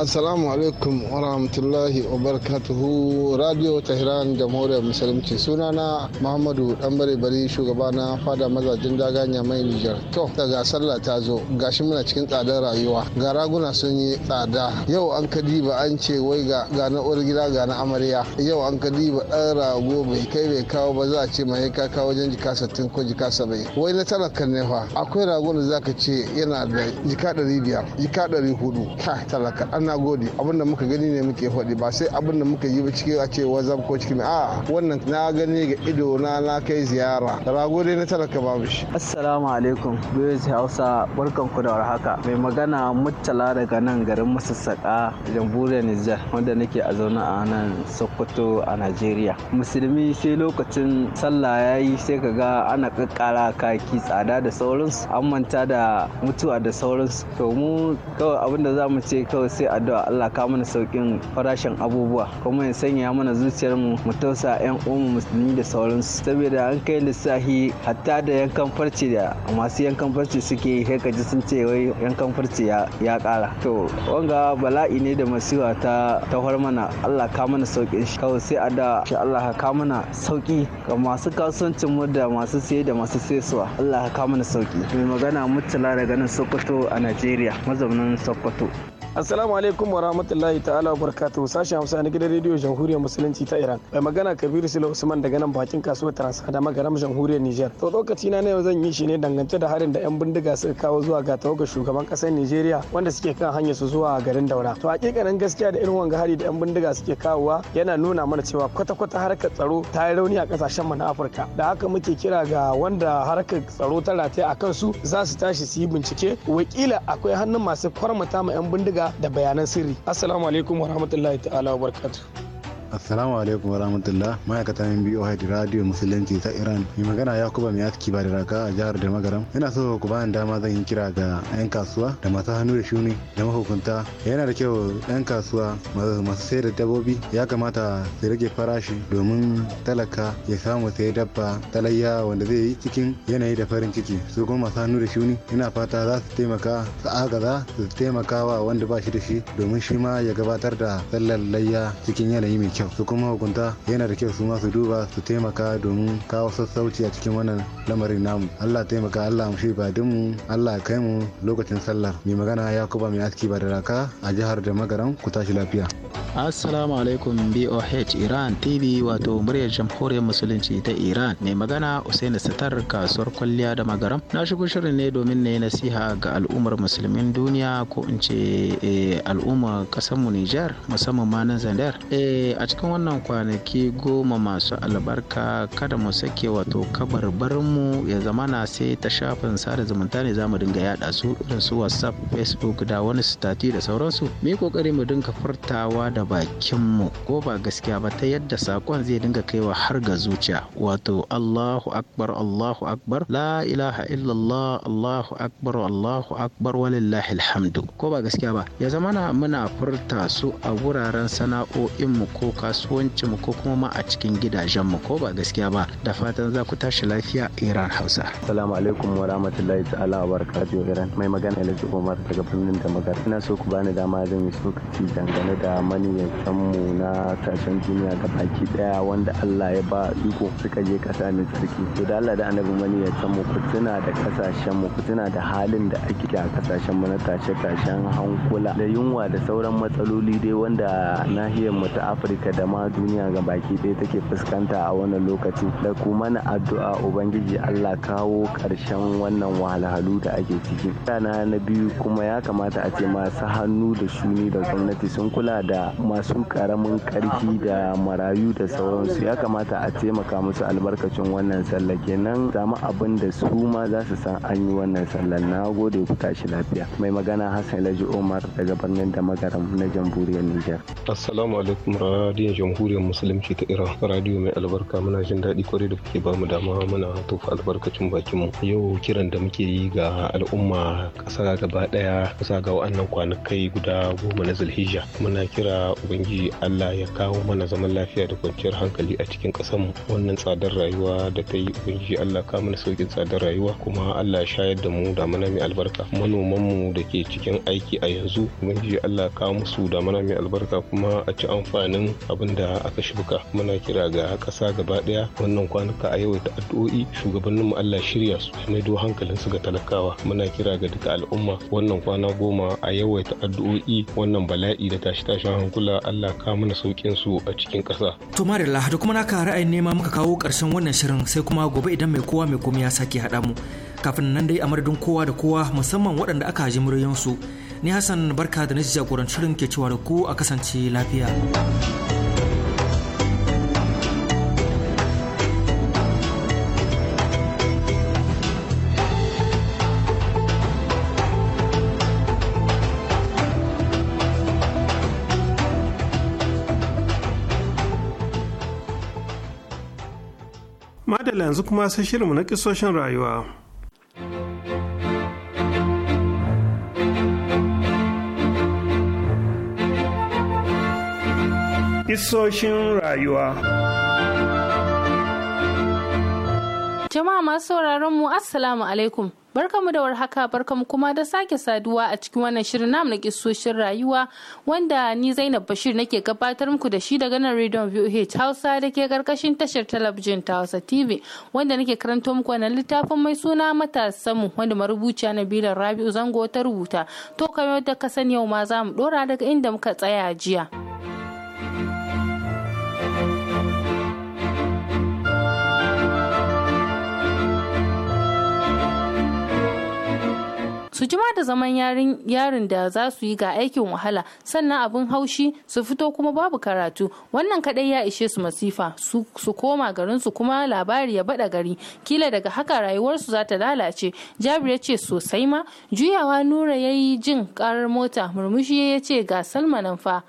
assalamu alaikum wa rahmatullahi wa barakatuhu radio tehran jamhuriyar musulunci sunana muhammadu danbare bari shugaba na fada mazajin daganya mai nijar to daga sallah ta zo gashi muna cikin tsadar rayuwa ga raguna sun yi tsada yau an ka diba an ce wai ga ga na uwar gida ga na amarya yau an ka diba dan rago bai kai bai kawo ba za a ce mai ka kawo wajen jika sattin ko jika sabai wai na talakan ne fa akwai ragon da zaka ce yana da jika ɗari biyar jika ɗari hudu ka talaka ana gode abin da muka gani ne muke faɗi ba sai abin da muka yi ba cikin a ce wazab ko cikin a wannan na gani ga ido na na kai ziyara rago dai na talaka babu shi assalamu alaikum biyozi hausa barkan ku da warhaka mai magana murtala daga nan garin musassaka jamhuriyar nijar wanda nake a zaune a nan sokoto a najeriya musulmi sai lokacin sallah ya yi sai ka ga ana kakkara kaki tsada da sauransu an manta da mutuwa da sauransu to mu kawai abin da za mu ce kawai sai addu'a Allah ka mana saukin farashin abubuwa kuma ya sanya mana zuciyar mu mu tausa yan uwan musulmi da sauransu saboda an kai lissafi hatta da yankan farce da masu yankan farce suke kai ka ji sun ce wai yankan farce ya kara to wanga bala'i ne da masiwa ta tawar mana Allah ka mana saukin shi kawai sai addu'a shi Allah ka mana sauki ga masu kasuwancin mu da masu siye da masu sayarwa Allah ka mana sauki mai magana mutula daga nan Sokoto a Najeriya mazaunin Sokoto assalamu alaikum wa rahmatullahi ta'ala wa barakatuhu sashi Hausa na gidan rediyo Jamhuriyar Musulunci ta Iran. Mai magana Kabiru Sule Usman daga nan bakin kasuwar Transa da magaram Jamhuriyar Niger. To lokaci na yau zan yi shi ne dangance da harin da yan bindiga suka kawo zuwa ga tawagar shugaban kasar Nigeria wanda suke kan hanyar su zuwa garin Daura. To hakikanin gaskiya da irin wanga hari da yan bindiga suke kawowa yana nuna mana cewa kwata-kwata harkar tsaro ta yi rauni a kasashen mu na Afirka. Da haka muke kira ga wanda harkar tsaro ta rata a kansu za su tashi su yi bincike wakila akwai hannun masu kwarmata ma yan bindiga da bayanai bayanan sirri assalamu alaikum warahmatullahi ta'ala wabarakatuh assalamu alaikum wa rahmatullah ma'aikatan BOH radio musulunci ta iran mai magana yakuba mai aski ba da raka a jihar da magaram ina so ku bani dama zan yi kira ga yan kasuwa da masu hannu da shuni da mahukunta yana da kyau yan kasuwa masu sayar da dabbobi ya kamata su rage farashi domin talaka ya samu sai dabba talayya wanda zai yi cikin yanayi da farin ciki su kuma masu hannu da shuni ina fata za su taimaka su agaza su taimaka wa wanda ba shi da shi domin shi ma ya gabatar da sallar layya cikin yanayi mai kyau kyau su kuma hukunta yana da kyau su ma su duba su taimaka domin kawo sassauci a cikin wannan lamarin namu Allah taimaka Allah amshi ba mu Allah kai mu lokacin sallar mai magana ya Yakuba mai aski ba da raka a jihar da magaran ku tashi lafiya Assalamu alaikum BOH Iran TV wato muryar jamhuriyar musulunci ta Iran mai magana Usaini satar kasuwar kwalliya da magaram na shigo shirin ne domin na yi nasiha ga al'ummar musulmin duniya ko in ce eh, al'ummar kasar mu Nijar musamman ma nan Zandar eh, a cikin wannan kwanaki goma masu albarka kada mu sake wato kabarbarinmu ya zama na sai ta shafin sada zumunta ne za mu dinga yada su irin su whatsapp facebook da wani stati da sauransu mu yi kokari mu dinga furtawa da bakinmu ko ba gaskiya ba ta yadda sakon zai dinga kaiwa har ga zuciya wato allahu akbar allahu akbar la ilaha illallah allahu akbar allahu akbar walillahi alhamdu ko ba gaskiya ba ya zama muna furta su a wuraren sana'o'inmu ko kasuwancinmu ko kuma ma a cikin gidajenmu ko ba gaskiya ba da fatan za ku tashi lafiya iran hausa Salamu alaikum wa rahmatullahi ta'ala wa barakatuhu iran mai magana alhaji umar daga birnin da magar ina so ku bani dama zan yi sokaci dangane da maniyantan mu na sashen duniya ga baki daya wanda allah ya ba iko suka je kasa mai tsarki to da allah da annabi maniyantan mu ku tuna da kasashen mu ku tuna da halin da ake a kasashen mu na tashe tashen hankula da yunwa da sauran matsaloli dai wanda nahiyar mu ta afirka da ma duniya ga baki ɗaya take fuskanta a wannan lokaci da kuma na addu'a ubangiji allah kawo ƙarshen wannan wahalhalu da ake ciki rana na biyu kuma ya kamata a ce masu hannu da shuni da gwamnati sun kula da masu karamin karfi da marayu da sauransu ya kamata a taimaka musu albarkacin wannan sallah kenan samu abin da su ma za su san an yi wannan sallah na gode ku tashi lafiya mai magana hassan laji omar daga birnin da magaram na jamhuriyar niger assalamu alaikum radiyon jamhuriyar musulunci ta iran radiyo mai albarka muna jin daɗi kwarai da kuke bamu dama muna tofa albarkacin bakin mu yau kiran da muke yi ga al'umma ƙasa gaba ɗaya kusa ga wa'annan kwanakai guda goma na zulhijja muna kira ubangiji allah ya kawo mana zaman lafiya da kwanciyar hankali a cikin ƙasarmu wannan tsadar rayuwa da ta yi ubangiji allah kawo mana sauƙin tsadar rayuwa kuma allah ya shayar da mu da mana mai albarka mu da ke cikin aiki a yanzu ubangiji allah kawo musu da mana mai albarka kuma a ci amfanin abin da aka shuka muna kira ga ƙasa gaba ɗaya wannan kwanuka a yawaita addu'o'i shugabannin mu Allah shirya su do hankalin su ga talakawa muna kira ga duka al'umma wannan kwana goma a yawaita addu'o'i wannan bala'i da tashi tashin hankula Allah ka mana saukin su a cikin ƙasa. To Marilla da kuma naka ra'ayin nema muka kawo ƙarshen wannan shirin sai kuma gobe idan mai kowa mai komai ya sake haɗa mu kafin nan dai a madadin kowa da kowa musamman waɗanda aka ji su ni Hassan barka da na jagorancin shirin ke cewa da ku a kasance lafiya. yanzu kuma sai shirinmu na kisoshin rayuwa. Kisoshin rayuwa Jama'a masu sauraron mu Assalamu alaikum. Barkamu da warhaka barkamu kuma da sake saduwa a cikin wannan shirin namu na kisoshin rayuwa wanda ni Zainab Bashir nake gabatar muku da shi daga nan Radio VOH Hausa da ke karkashin tashar talabijin ta Hausa TV wanda nake karanto muku wannan littafin mai suna matasanmu wanda marubuciya Nabila Rabi'u Zango ta rubuta to kamar da ka sani yau ma za mu dora daga inda muka tsaya jiya. su jima da zaman yarin da za su yi ga aikin wahala sannan abin haushi su fito kuma babu karatu wannan kadai ya ishe su masifa su koma garin su kuma labari ya bada gari kila daga haka rayuwarsu za ta lalace jabir ya ce sosai ma juyawa nura ya yi jin karar mota murmushi ya ce ga salma fa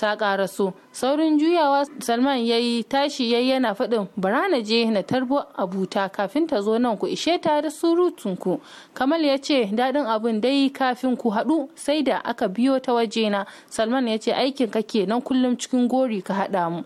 ta karaso saurin juyawa salman ya yi tashi yayi yana faɗin bara na je na tarbo abuta kafin ta zo nan ku ishe ta da surutunku kamal ya ce daɗin abin dai kafin ku haɗu sai da aka biyo ta wajena salman ya ce aikin kake nan kullum cikin gori ka haɗa mu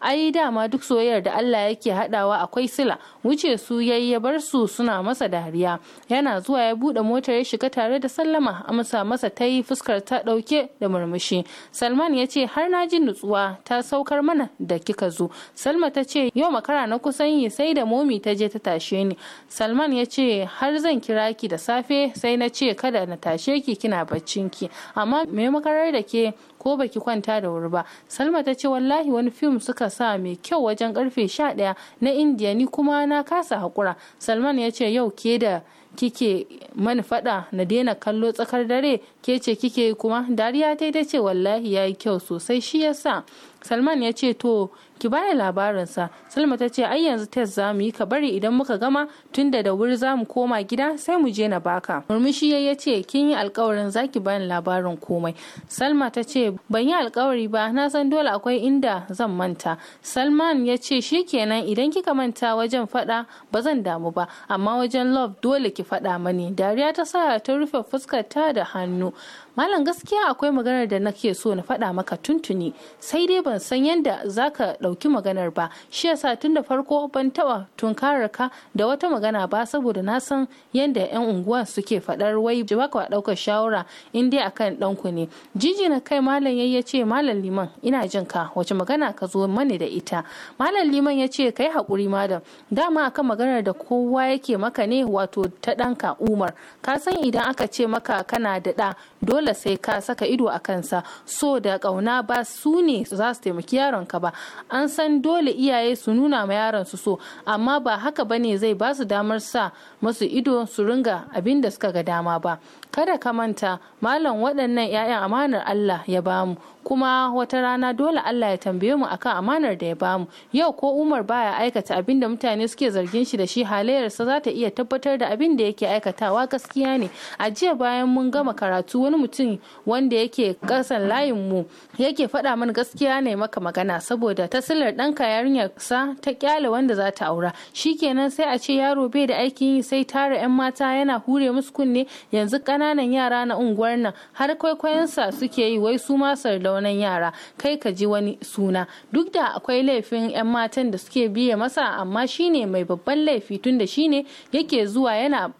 ai dama duk soyayyar da Allah yake hadawa akwai sila wuce su yayi ya bar su suna masa dariya yana zuwa ya bude motar ya shiga tare da sallama amsa masa ta yi fuskar ta dauke da murmushi Salman ya ce har na ji nutsuwa ta saukar mana da kika zo Salma ta ce yau makara na kusan yi sai da momi ta je ta tashe ni Salman ya ce har zan kira ki da safe sai na ce kada na tashe ki kina baccin ki amma me makarar da ke ko baki kwanta da wuri ba salma ta ce wallahi wani fim suka sa mai kyau wajen karfe 11 na indiya ni kuma na kasa haƙura salman ya ce yau ke da kike mani fada na daina kallo tsakar dare ke ce kike kuma dariya ta ce wallahi ya yi kyau sosai shi yasa salman ya ce to ki bani labarinsa salma ta ce ai yanzu test za mu yi ka bari idan muka gama tunda da wuri za mu koma gida sai mu je na baka murmushi ya ce kin yi alkawarin za ki bani labarin komai salma ta ce ban yi alkawari ba na san dole akwai inda zan manta salman ya ce kenan, idan kika manta wajen faɗa ba zan damu ba amma wajen love dole ki faɗa mani dariya ta sa ta rufe fuskar ta da hannu malam gaskiya akwai maganar da nake so na faɗa maka tuntuni sai dai ban san yadda zaka ɗauki maganar ba shi yasa tun da farko ban taɓa tunkarar ka da wata magana ba saboda na san yadda 'yan unguwa suke faɗar wai ba ka ɗaukar shawara in dai akan ɗanku ne jiji na kai malam ya ce malam liman ina jin ka wace magana ka zo mani da ita malam liman ya ce kai haƙuri madam dama akan maganar da kowa yake maka ne wato ta ɗanka umar ka san idan aka ce maka kana da ɗa dole sai ka saka ido a kansa so da ƙauna ba su ne za su taimaki yaronka ba an san dole iyaye su nuna ma yaran su so amma ba haka bane zai ba su damar sa masu ido su ringa abin da suka ga dama ba kada ka manta malam waɗannan 'ya'yan amanar Allah ya bamu kuma wata rana dole Allah ya tambaye mu akan amanar da ya bamu yau ko Umar baya aikata abin da mutane suke zargin shi da shi halayyarsa za ta iya tabbatar da abin da yake aikatawa gaskiya ne a jiya bayan mun gama karatu wani mutum wanda yake kasan layin mu yake faɗa mana gaskiya ne maka magana saboda ta silar ɗanka yarinyarsa ta kyale wanda za ta aura kenan sai a ce yaro bai da aikin yi sai tara 'yan mata yana hure musu kunne yanzu ƙananan yara na unguwar nan har kwaikwayonsa suke yi wai su ma sardaunan yara kai ka ji wani suna duk da akwai laifin 'yan matan da suke biye masa amma shine mai babban laifi tun da shine yake zuwa yana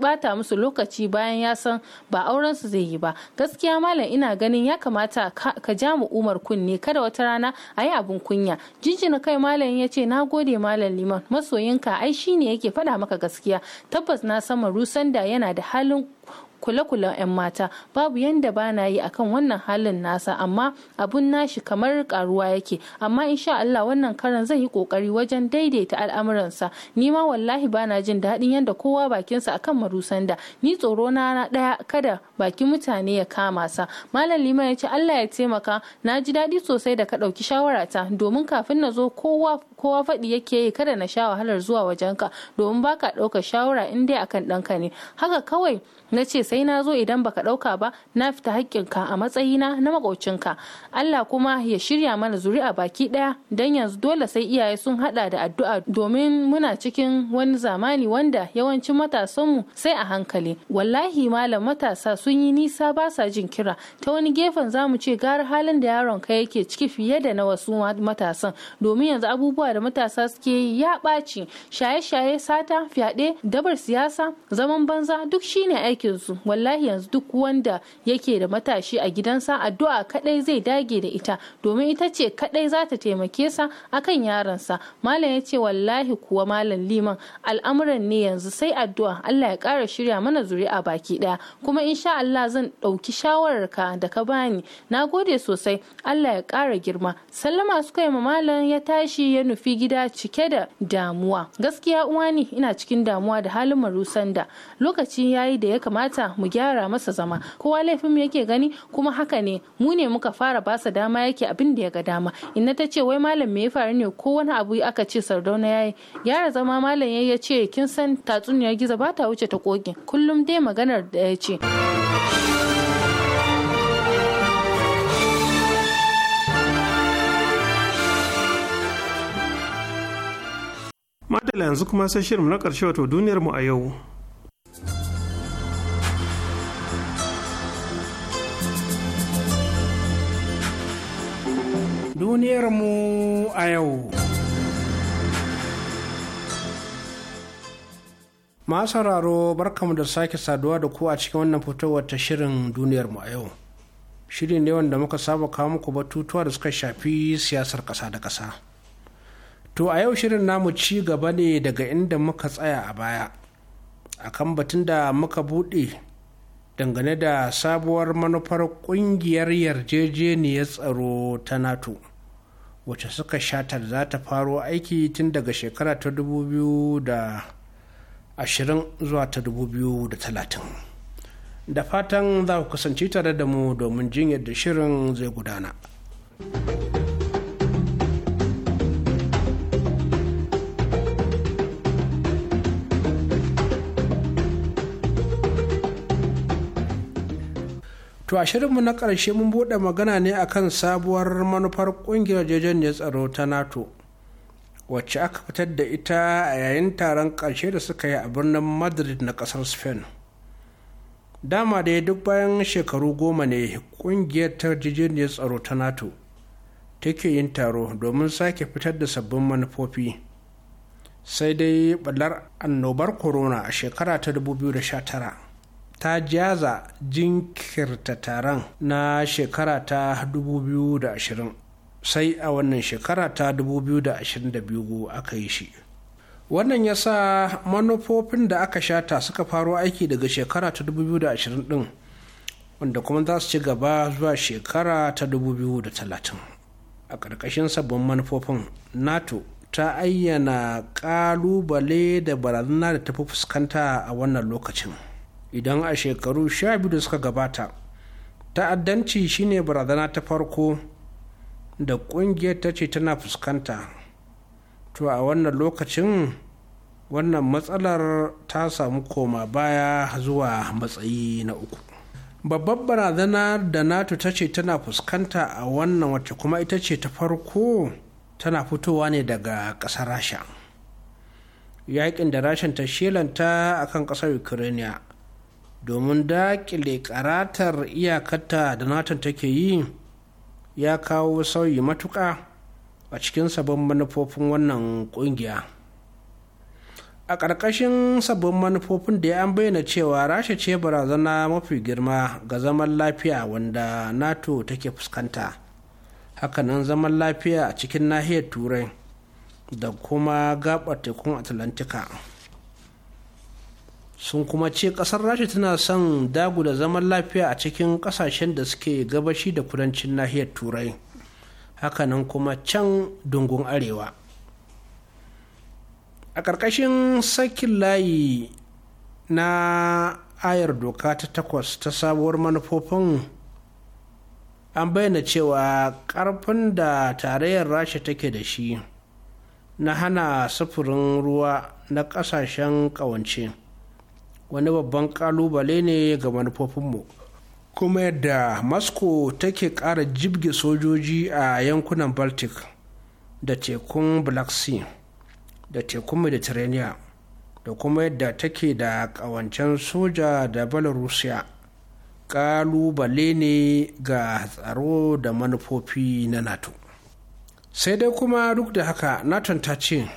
bata musu lokaci bayan ya san ba auren su zai yi ba gaskiya malam ina ganin ya kamata ka ja mu umar kunne kada wata rana a yi abin kunya magana jinjina kai malam ya ce na gode malam liman masoyinka ai shine yake faɗa maka gaskiya tabbas na sama marusan da yana da halin kule-kulen 'yan mata babu yanda ba na yi akan wannan halin nasa amma abun nashi kamar karuwa yake amma insha Allah wannan karan zan yi kokari wajen daidaita al'amuransa ni ma wallahi ba na jin daɗin yanda kowa bakinsa akan marusan da ni tsoro na ɗaya kada bakin mutane ya kama sa malam lima ya ce Allah ya taimaka na ji daɗi sosai da ka ɗauki ta domin kafin na zo kowa kowa faɗi yake yi kada na sha wahalar zuwa wajenka domin baka ɗaukar shawara in dai akan ɗanka ne haka kawai na ce sai na zo idan baka ɗauka ba na fita haƙƙinka a matsayina na maƙocinka Allah kuma ya shirya mana zuri'a baki ɗaya dan yanzu dole sai iyaye sun hada da addu'a domin muna cikin wani zamani wanda yawancin matasanmu sai a hankali wallahi malam matasa sun yi nisa ba sa jin kira ta wani gefen zamu ce gara halin da yaron ka yake ciki fiye da na wasu matasan domin yanzu abubuwa da matasa suke yi ya ɓaci shaye-shaye sata fyaɗe dabar siyasa zaman banza duk shine aikinsu wallahi yanzu duk wanda yake da matashi a gidansa addu'a kadai zai dage da ita domin ita ce kadai za ta taimake sa akan yaransa malam ya ce wallahi kuwa malam liman al'amuran ne yanzu sai addu'a Allah ya kara shirya mana zuri'a baki daya kuma insha Allah zan dauki ka da ka bani na gode sosai Allah ya kara girma sallama suka yi malam ya tashi ya nufi gida cike da damuwa gaskiya uwani ina cikin damuwa da halin marusanda lokaci yayi da ya kamata mu gyara masa zama kowa laifin yake gani kuma haka ne mu ne muka fara basa dama yake abin da ya ga dama ina ta ce wai malam me ya faru ne ko wani abu aka ce sardauna yayi gyara zama malam ya ce kin san tatsuniyar giza ba ta wuce ta kogin kullum dai maganar da ya ce madala yanzu kuma sai shirin na ƙarshe wato duniyar mu a yau Duniyarmu a yau. sauraro barkamu da sake saduwa da ku a cikin wannan fitowar ta shirin duniyarmu a yau. shirin ne wanda muka saba kawo muku batutuwa da suka shafi siyasar ƙasa da ƙasa. To a yau shirin namu ci gaba ne daga inda muka tsaya a baya. Akan batun da muka buɗe dangane da sabuwar manufar kungiyar yarjejeniyar tsaro ta nato wacce suka shatar za ta faro aiki tun daga shekara ta 2020 zuwa ta 2030 da fatan za ku kasance tare da mu domin jin yadda shirin zai gudana. To a mu na ƙarshe mun buɗe magana ne akan sabuwar manufar ƙungiyar ne tsaro ta NATO wacce aka fitar da ita a yayin taron ƙarshe da suka yi a birnin Madrid na ƙasar Spain. Dama dai duk bayan shekaru goma ne ƙungiyar ta ne tsaro ta NATO take yin taro domin sake fitar da sabbin manufofi. Sai dai ɓallar annobar corona a shekara ta 2019. ta jaza jinkirta taron na shekara ta 2020 sai a wannan shekara ta 2022 aka yi shi wannan ya sa manufofin da aka shata suka faro aiki daga shekara ta 2020 din wanda kuma za su ci gaba zuwa shekara ta 2030 a ƙarƙashin sabbin manufofin nato ta ayyana ƙalubale da barazana da tafi fuskanta a wannan lokacin idan a shekaru sha biyu da suka gabata ta'addanci shine barazana ta farko da ƙungiyar ta ce tana fuskanta to a wannan lokacin wannan matsalar ta samu koma baya zuwa matsayi na uku babbar barazana da nato ta ce tana fuskanta a wannan wacce kuma ita ce ta farko tana fitowa ne daga ƙasar rasha yakin da rashin ta shelanta a kan ƙasar ukraine domin daƙile karatar iyakata da nato take yi ya kawo sauyi matuƙa a cikin sabon manufofin wannan ƙungiya a ƙarƙashin sabbin manufofin da ya an bayyana cewa rasha ce barazana mafi girma ga zaman lafiya wanda nato take fuskanta hakanan zaman lafiya a cikin nahiyar turai da kuma gaɓar tekun atlantika sun kuma ce kasar rasha tana son dagu da zaman lafiya a cikin kasashen da suke gabashi da kudancin nahiyar turai hakanan kuma can dungun arewa a ƙarƙashin sakin layi na ayar doka ta takwas ta sabuwar manufofin an bayyana cewa ƙarfin da tarayyar rasha take da shi na hana sufurin ruwa na ƙasashen ƙawance. wani babban kalubale ne ga manufofinmu kuma yadda moscow take ƙara jibge sojoji a yankunan baltic da tekun black sea da tekun mediterranean da kuma yadda take da ƙawancen soja da belarusia kalubale ne ga tsaro da manufofi na nato sai dai kuma duk da haka naton ta ce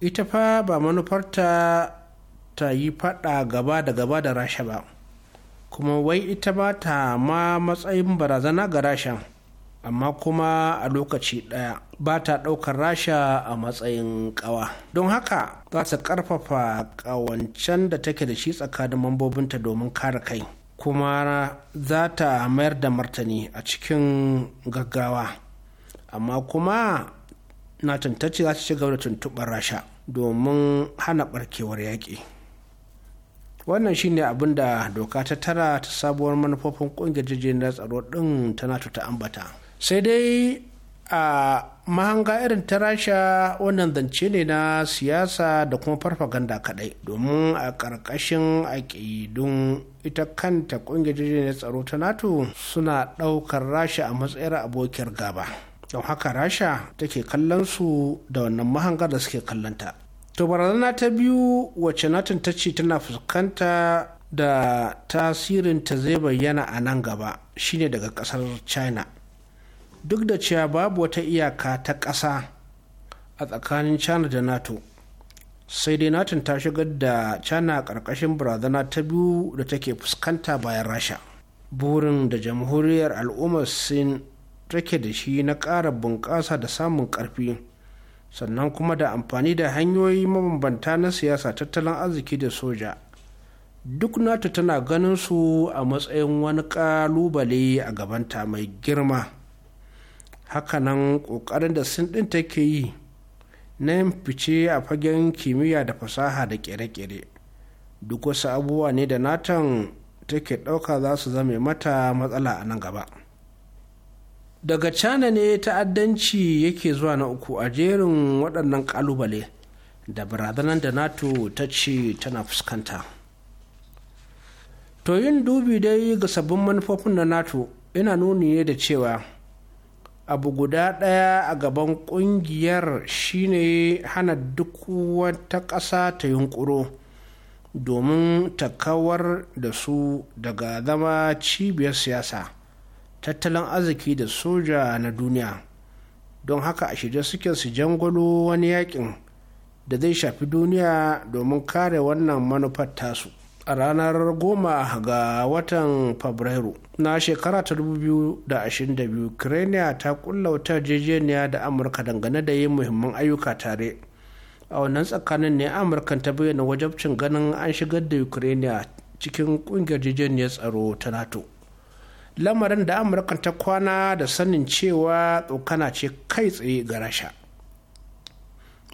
ita fa ba manufarta ta yi faɗa gaba da gaba da rasha ba kuma wai ita ba ta ma matsayin barazana ga rasha amma kuma a lokaci ɗaya ba ta ɗaukar rasha a matsayin ƙawa don haka za su ƙarfafa ƙawancen da take da shi tsakanin mambobinta domin kare kai kuma za ta mayar da martani a cikin gaggawa amma kuma na tantance za ta ci gaba da tuntuɓar rasha domin hana ɓarkewar yaƙi wannan shine abin da doka ta tara ta sabuwar manufofin kungiyar jirgin tsaro din ta nato ta ambata sai dai a mahanga irin ta rasha wannan zance ne na siyasa da kuma farfaganda kadai domin a ƙarƙashin aƙidun ita kanta kungiyar jirgin tsaro ta nato suna ɗaukar rasha a matsayar abokiyar gaba don haka rasha take kallon su da wannan mahangar da suke kallonta to barazana ta biyu wacce natin ta ce tana fuskanta da tasirinta zai bayyana a nan gaba shine daga kasar china duk da cewa babu wata iyaka ta ƙasa a tsakanin china da nato sai dai natin ta shigar da china a ƙarƙashin barazana ta biyu da take fuskanta bayan rasha burin da jamhuriyar al'ummar sin take da shi na ƙara bunƙasa da samun ƙarfi sannan kuma da amfani da hanyoyi mabambanta na siyasa tattalin arziki da soja duk nata tana ganin su a matsayin wani kalubale a gabanta mai girma hakanan kokarin da sin ɗin take yi na yin fice a fagen kimiyya da fasaha da kere-kere duk wasu abubuwa ne da natan take ɗauka za su zame mata matsala a nan gaba. daga cana ne ta'addanci yake zuwa na uku a jerin waɗannan kalubale da barazanar da nato ta ce tana fuskanta to yin dubi dai ga sabbin manufofin na nato ina nuni ne da cewa abu guda ɗaya a gaban ƙungiyar shine hana duk wata ƙasa ta yunƙuro domin ta kawar da su daga zama cibiyar siyasa tattalin arziki da soja na duniya don haka a shirye suke su jangwalo wani yakin da zai shafi duniya domin kare wannan manufar tasu a ranar goma ga watan fabrairu na shekara ta 2022 ukraine ta kulla wata jejeniya da amurka dangane da yin muhimman ayyuka tare a wannan tsakanin ne amurka ta bayyana wajabcin ganin an shigar da ukraine cikin kungiyar jejeniyar tsaro ta nato lamarin da amurka ta kwana da sanin cewa tsokana ce kai tsaye ga rasha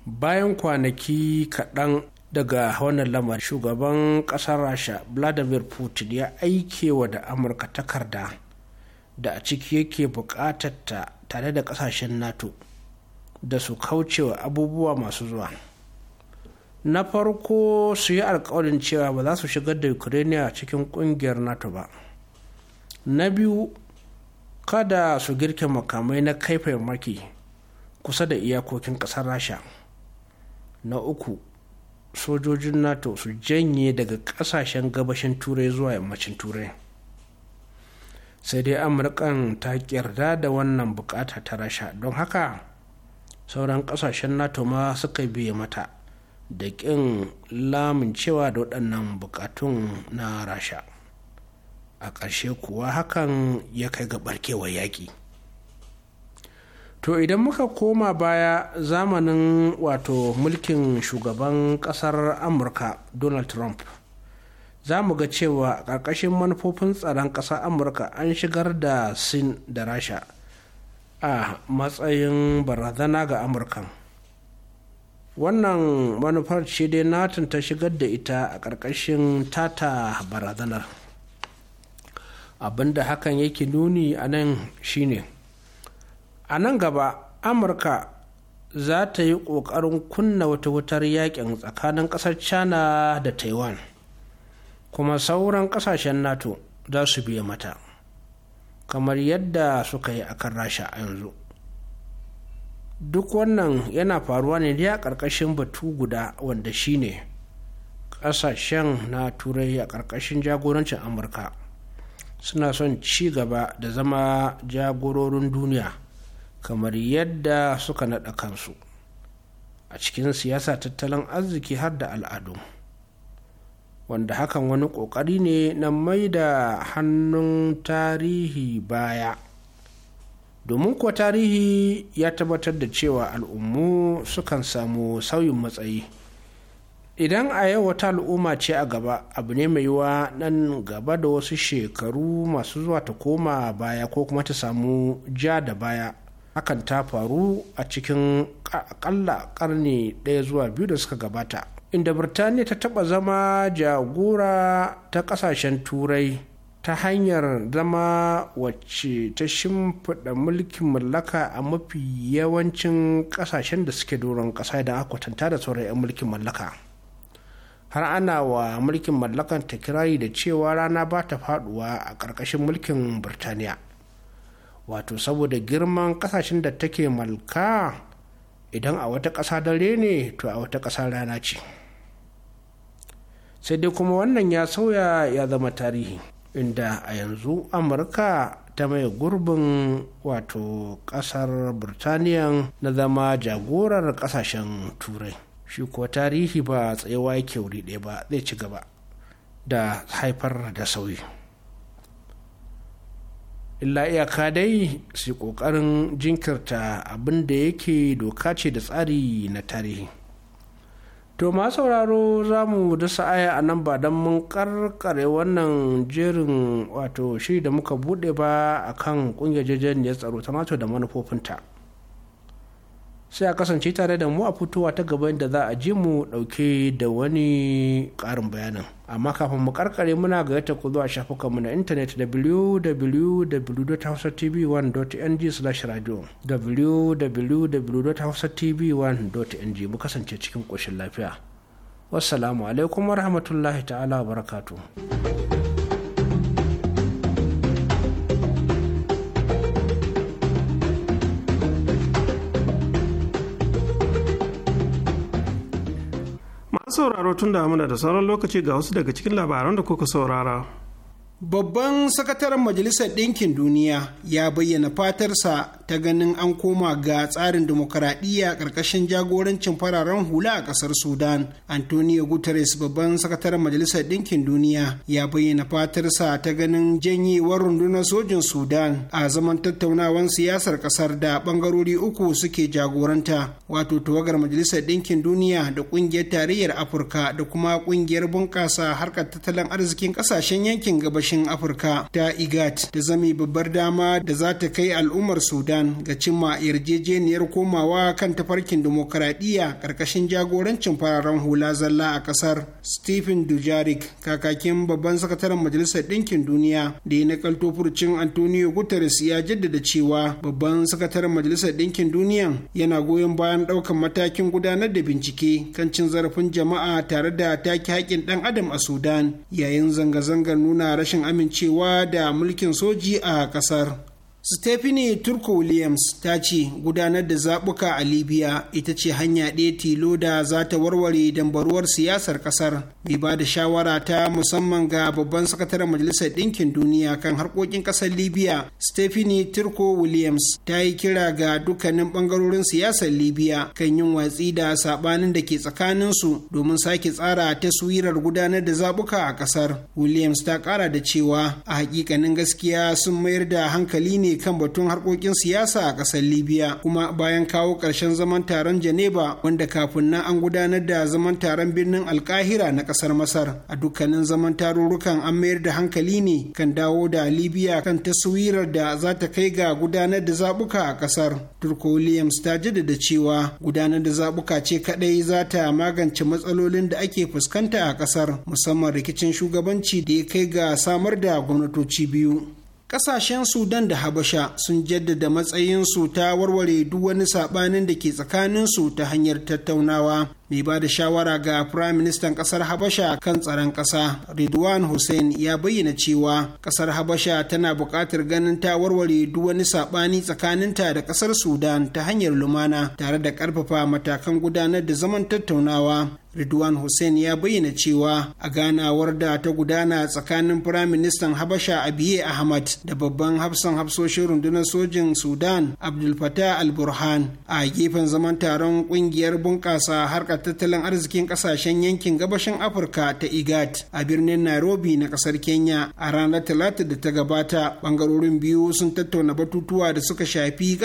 bayan kwanaki kaɗan daga wannan lamarin shugaban ƙasar rasha vladimir putin ya aikewa da amurka takarda da a ciki yake buƙatar ta tare da ƙasashen nato da su kaucewa abubuwa masu zuwa na farko su yi alkawarin cewa ba za su shigar da ukraine a cikin ƙungiyar nato ba na biyu kada su girke makamai na kai maki kusa da iyakokin ƙasar rasha na uku sojojin nato su janye daga ƙasashen gabashin turai zuwa yammacin turai sai dai amurkan ta yarda da wannan bukata ta rasha don haka sauran ƙasashen nato ma suka biya mata da ƙin lamun cewa da waɗannan bukatun na rasha a ƙarshe kuwa hakan ya kai ga barkewar yaƙi to idan muka koma baya zamanin wato mulkin shugaban ƙasar amurka donald trump za mu ga cewa ƙarƙashin manufofin tsaron ƙasar amurka an shigar da sin da rasha a matsayin barazana ga amurkan wannan manufar ce dai natin ta shigar da ita a ƙarƙashin tata barazanar abinda hakan yake nuni a nan shine a nan gaba amurka za ta yi ƙoƙarin kunna wata wutar yakin tsakanin ƙasar china da taiwan kuma sauran ƙasashen nato za su biya mata kamar yadda suka yi a kan rasha a yanzu duk wannan yana faruwa ne a ƙarƙashin batu guda wanda shine ƙasashen na turai a ƙarƙashin jagorancin amurka suna son ci gaba da zama jagororin duniya kamar yadda suka naɗa kansu a cikin siyasa tattalin arziki har da al'adu wanda hakan wani ƙoƙari ne na mai da hannun tarihi baya domin kuwa tarihi ya tabbatar da cewa al'ummu sukan samu sauyin matsayi idan a yau wata al'umma ce a gaba abu ne mai yiwa nan gaba da wasu shekaru masu zuwa ta koma baya ko kuma ta samu ja da baya hakan ta faru a cikin akalla karni ɗaya zuwa biyu da suka gabata inda birtaniya ta taba zama jagora ta kasashen turai ta hanyar zama wacce ta shimfiɗa mulkin mallaka a mafi yawancin ƙasashen da suke doron ƙasa idan aka kwatanta da sauran 'yan mulkin mallaka har ana wa mulkin mallakan ta kirari da cewa rana ba ta faduwa a ƙarƙashin mulkin birtaniya wato saboda girman ƙasashen da take malka idan a wata ƙasa dare ne to a wata ƙasa rana ce sai dai kuma wannan ya sauya ya zama tarihi inda a yanzu amurka ta mai gurbin wato ƙasar birtaniya na zama jagorar ƙasashen turai shi kuwa tarihi ba tsayawa yake wuri ɗaya ba zai ci gaba da haifar da sauyi illa iyaka dai su ƙoƙarin jinkirta abin da yake doka ce da tsari na tarihi to ma sauraro za mu dasa aya a nan ba don mun karkare wannan jerin wato shi da muka buɗe ba a kan ƙungiyar jejen ya tsaro ta mato da manufofinta. sai a kasance tare da mu a fitowa ta gaban da za a ji mu dauke da wani karin bayanin amma kafin mu karkare muna ga yata ku zuwa shafukan mu na intanet www.hausatv1.ng slash radio www.hausatv1.ng mu kasance cikin koshin lafiya wassalamu alaikum warahmatullahi ta'ala barakatu. sauraro tun da muna da sauran lokaci ga wasu daga cikin labaran da kuka saurara. Babban sakataren Majalisar Ɗinkin Duniya ya bayyana fatarsa ta ganin an koma ga tsarin dimokuraɗiyya ƙarƙashin jagorancin fararen hula a ƙasar Sudan. Antonio Guterres babban sakataren Majalisar Ɗinkin Duniya ya bayyana fatarsa ta ganin janyewar rundunar sojin Sudan a zaman tattaunawan siyasar ƙasar da ɓangarori uku suke jagoranta, wato tawagar Majalisar Ɗinkin Duniya da ƙungiyar Tarayyar Afirka da kuma ƙungiyar bunƙasa harkar tattalin arzikin ƙasashen yankin gabashin ƙasashen afirka ta igat da zami babbar dama da za ta kai al'ummar sudan ga cimma yarjejeniyar komawa kan tafarkin dimokuraɗiyya ƙarƙashin jagorancin fararen hula zalla a ƙasar stephen dujarik kakakin babban sakataren majalisar ɗinkin duniya da ya nakalto furcin antonio guterres ya jaddada cewa babban sakataren majalisar ɗinkin duniya yana goyon bayan ɗaukan matakin gudanar da bincike kan cin zarafin jama'a tare da take haƙƙin ɗan adam a sudan yayin zanga-zangar nuna rashin rashin amincewa da mulkin soji a kasar. Stephanie Turko Williams ta ce gudanar da zaɓuka a Libya ita ce hanya ɗaya tilo da za ta warware dambaruwar siyasar ƙasar. Mai ba da shawara ta musamman ga babban sakataren Majalisar Ɗinkin Duniya kan harkokin ƙasar Libya, Stephanie Turko Williams ta yi kira ga dukkanin ɓangarorin siyasar Libya kan yin watsi da saɓanin da ke tsakaninsu domin sake tsara taswirar gudanar da zaɓuka a ƙasar. Williams ta ƙara da cewa a hakikanin gaskiya sun mayar da hankali ne kan batun harkokin siyasa a ƙasar libya kuma bayan kawo ƙarshen zaman taron geneva wanda kafin nan an gudanar da zaman taron birnin alkahira na ƙasar masar a dukkanin zaman tarurrukan an mayar da hankali ne kan dawo da libya kan taswirar da za ta kai ga gudanar da zabuka a ƙasar turko williams ta jaddada cewa gudanar da zabuka ce kaɗai za ta magance matsalolin da ake fuskanta a ƙasar musamman rikicin shugabanci da ya kai ga samar da gwamnatoci biyu Ƙasashen Sudan da Habasha sun jaddada matsayinsu ta warware duk wani saɓanin da ke tsakaninsu ta hanyar tattaunawa. Mai ba da shawara ga Firayim Ministan ƙasar Habasha kan tsaron ƙasa, Ridwan Hussein ya bayyana cewa ƙasar Habasha tana buƙatar ganin ta warware duk wani saɓani tsakaninta da ƙasar Sudan ta hanyar lumana tare da ƙarfafa matakan gudanar da zaman tattaunawa. Ridwan Hussein ya bayyana cewa a ganawar da ta gudana tsakanin Firaministan Habasha Abiye Ahmad da babban hafsan hafsoshin rundunar sojin Sudan Abdul Fattah Al-Burhan a gefen zaman taron kungiyar bunƙasa harkar tattalin arzikin ƙasashen yankin gabashin Afirka ta IGAD a birnin Nairobi na ƙasar Kenya a ranar Talata da ta gabata bangarorin biyu sun tattauna batutuwa da suka shafi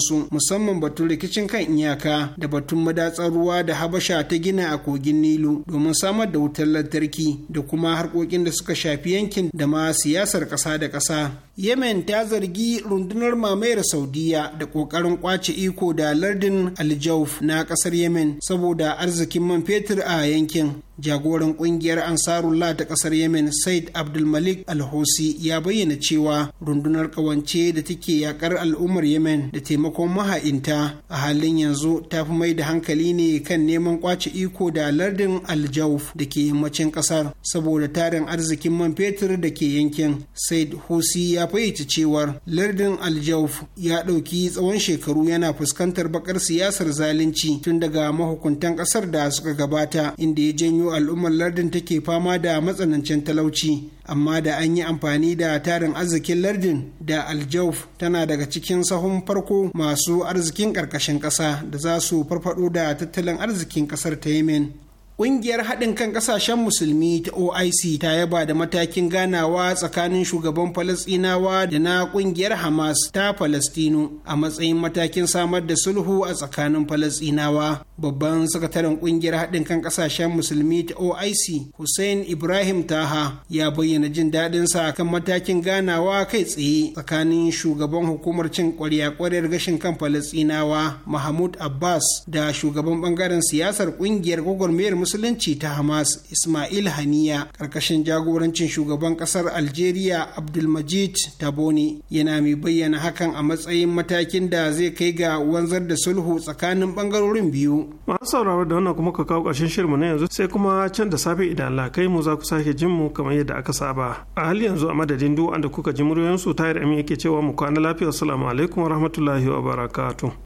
su. musamman batun rikicin kan iyaka da batun madatsar ruwa da Habasha ta gina a kogin nilu domin samar da wutar lantarki da kuma harkokin da suka shafi yankin da ma siyasar ƙasa da ƙasa Yemen ta zargi rundunar mamayar Saudiya da kokarin kwace iko da lardin Aljauf na kasar Yemen saboda arzikin man fetur a yankin. Jagoran ƙungiyar Ansarullah ta kasar Yemen Said Abdulmalik Alhosi ya bayyana cewa rundunar kawance da take yakar al'ummar Yemen da taimakon maha'inta a halin yanzu ta fi mai da hankali ne kan neman kwace iko da lardin Aljauf da ke yammacin kasar saboda tarin arzikin man fetur da ke yankin. Said Hosi ya ya fayyace cewar lardin aljauf ya ɗauki tsawon shekaru yana fuskantar bakar siyasar zalunci tun daga mahukuntan ƙasar da suka gabata inda ya janyo al'ummar lardin take fama da matsanancin talauci amma da an yi amfani da tarin arzikin lardin da aljauf tana daga cikin sahun farko masu arzikin ƙarƙashin ƙasa da za su farfado da tattalin arzikin ƙasar ta yemen Ƙungiyar haɗin kan ƙasashen musulmi ta OIC ta yaba da matakin ganawa tsakanin shugaban Falasɗinawa da na ƙungiyar Hamas ta Falastinu a matsayin matakin samar da sulhu a tsakanin Falasɗinawa. Babban sakataren ƙungiyar haɗin kan ƙasashen musulmi ta OIC Hussein Ibrahim Taha ya bayyana jin daɗinsa kan matakin ganawa kai tsaye tsakanin shugaban hukumar cin ƙwarya gashin kan Falasɗinawa Mahmud Abbas da shugaban ɓangaren siyasar ƙungiyar gwagwarmayar musulunci ta hamas ismail haniya karkashin jagorancin shugaban kasar algeria abdulmajid taboni yana mai bayyana hakan a matsayin matakin da zai kai ga wanzar da sulhu tsakanin ɓangarorin biyu masu sauraro da wannan kuma ka kawo ƙarshen shirmu na yanzu sai kuma can da safe idan kai mu za ku sake jin mu kamar yadda aka saba a hali yanzu a madadin duk wanda kuka ji muryoyinsu tayar amin yake cewa mu kwana lafiya assalamu alaikum wa rahmatullahi wa barakatuh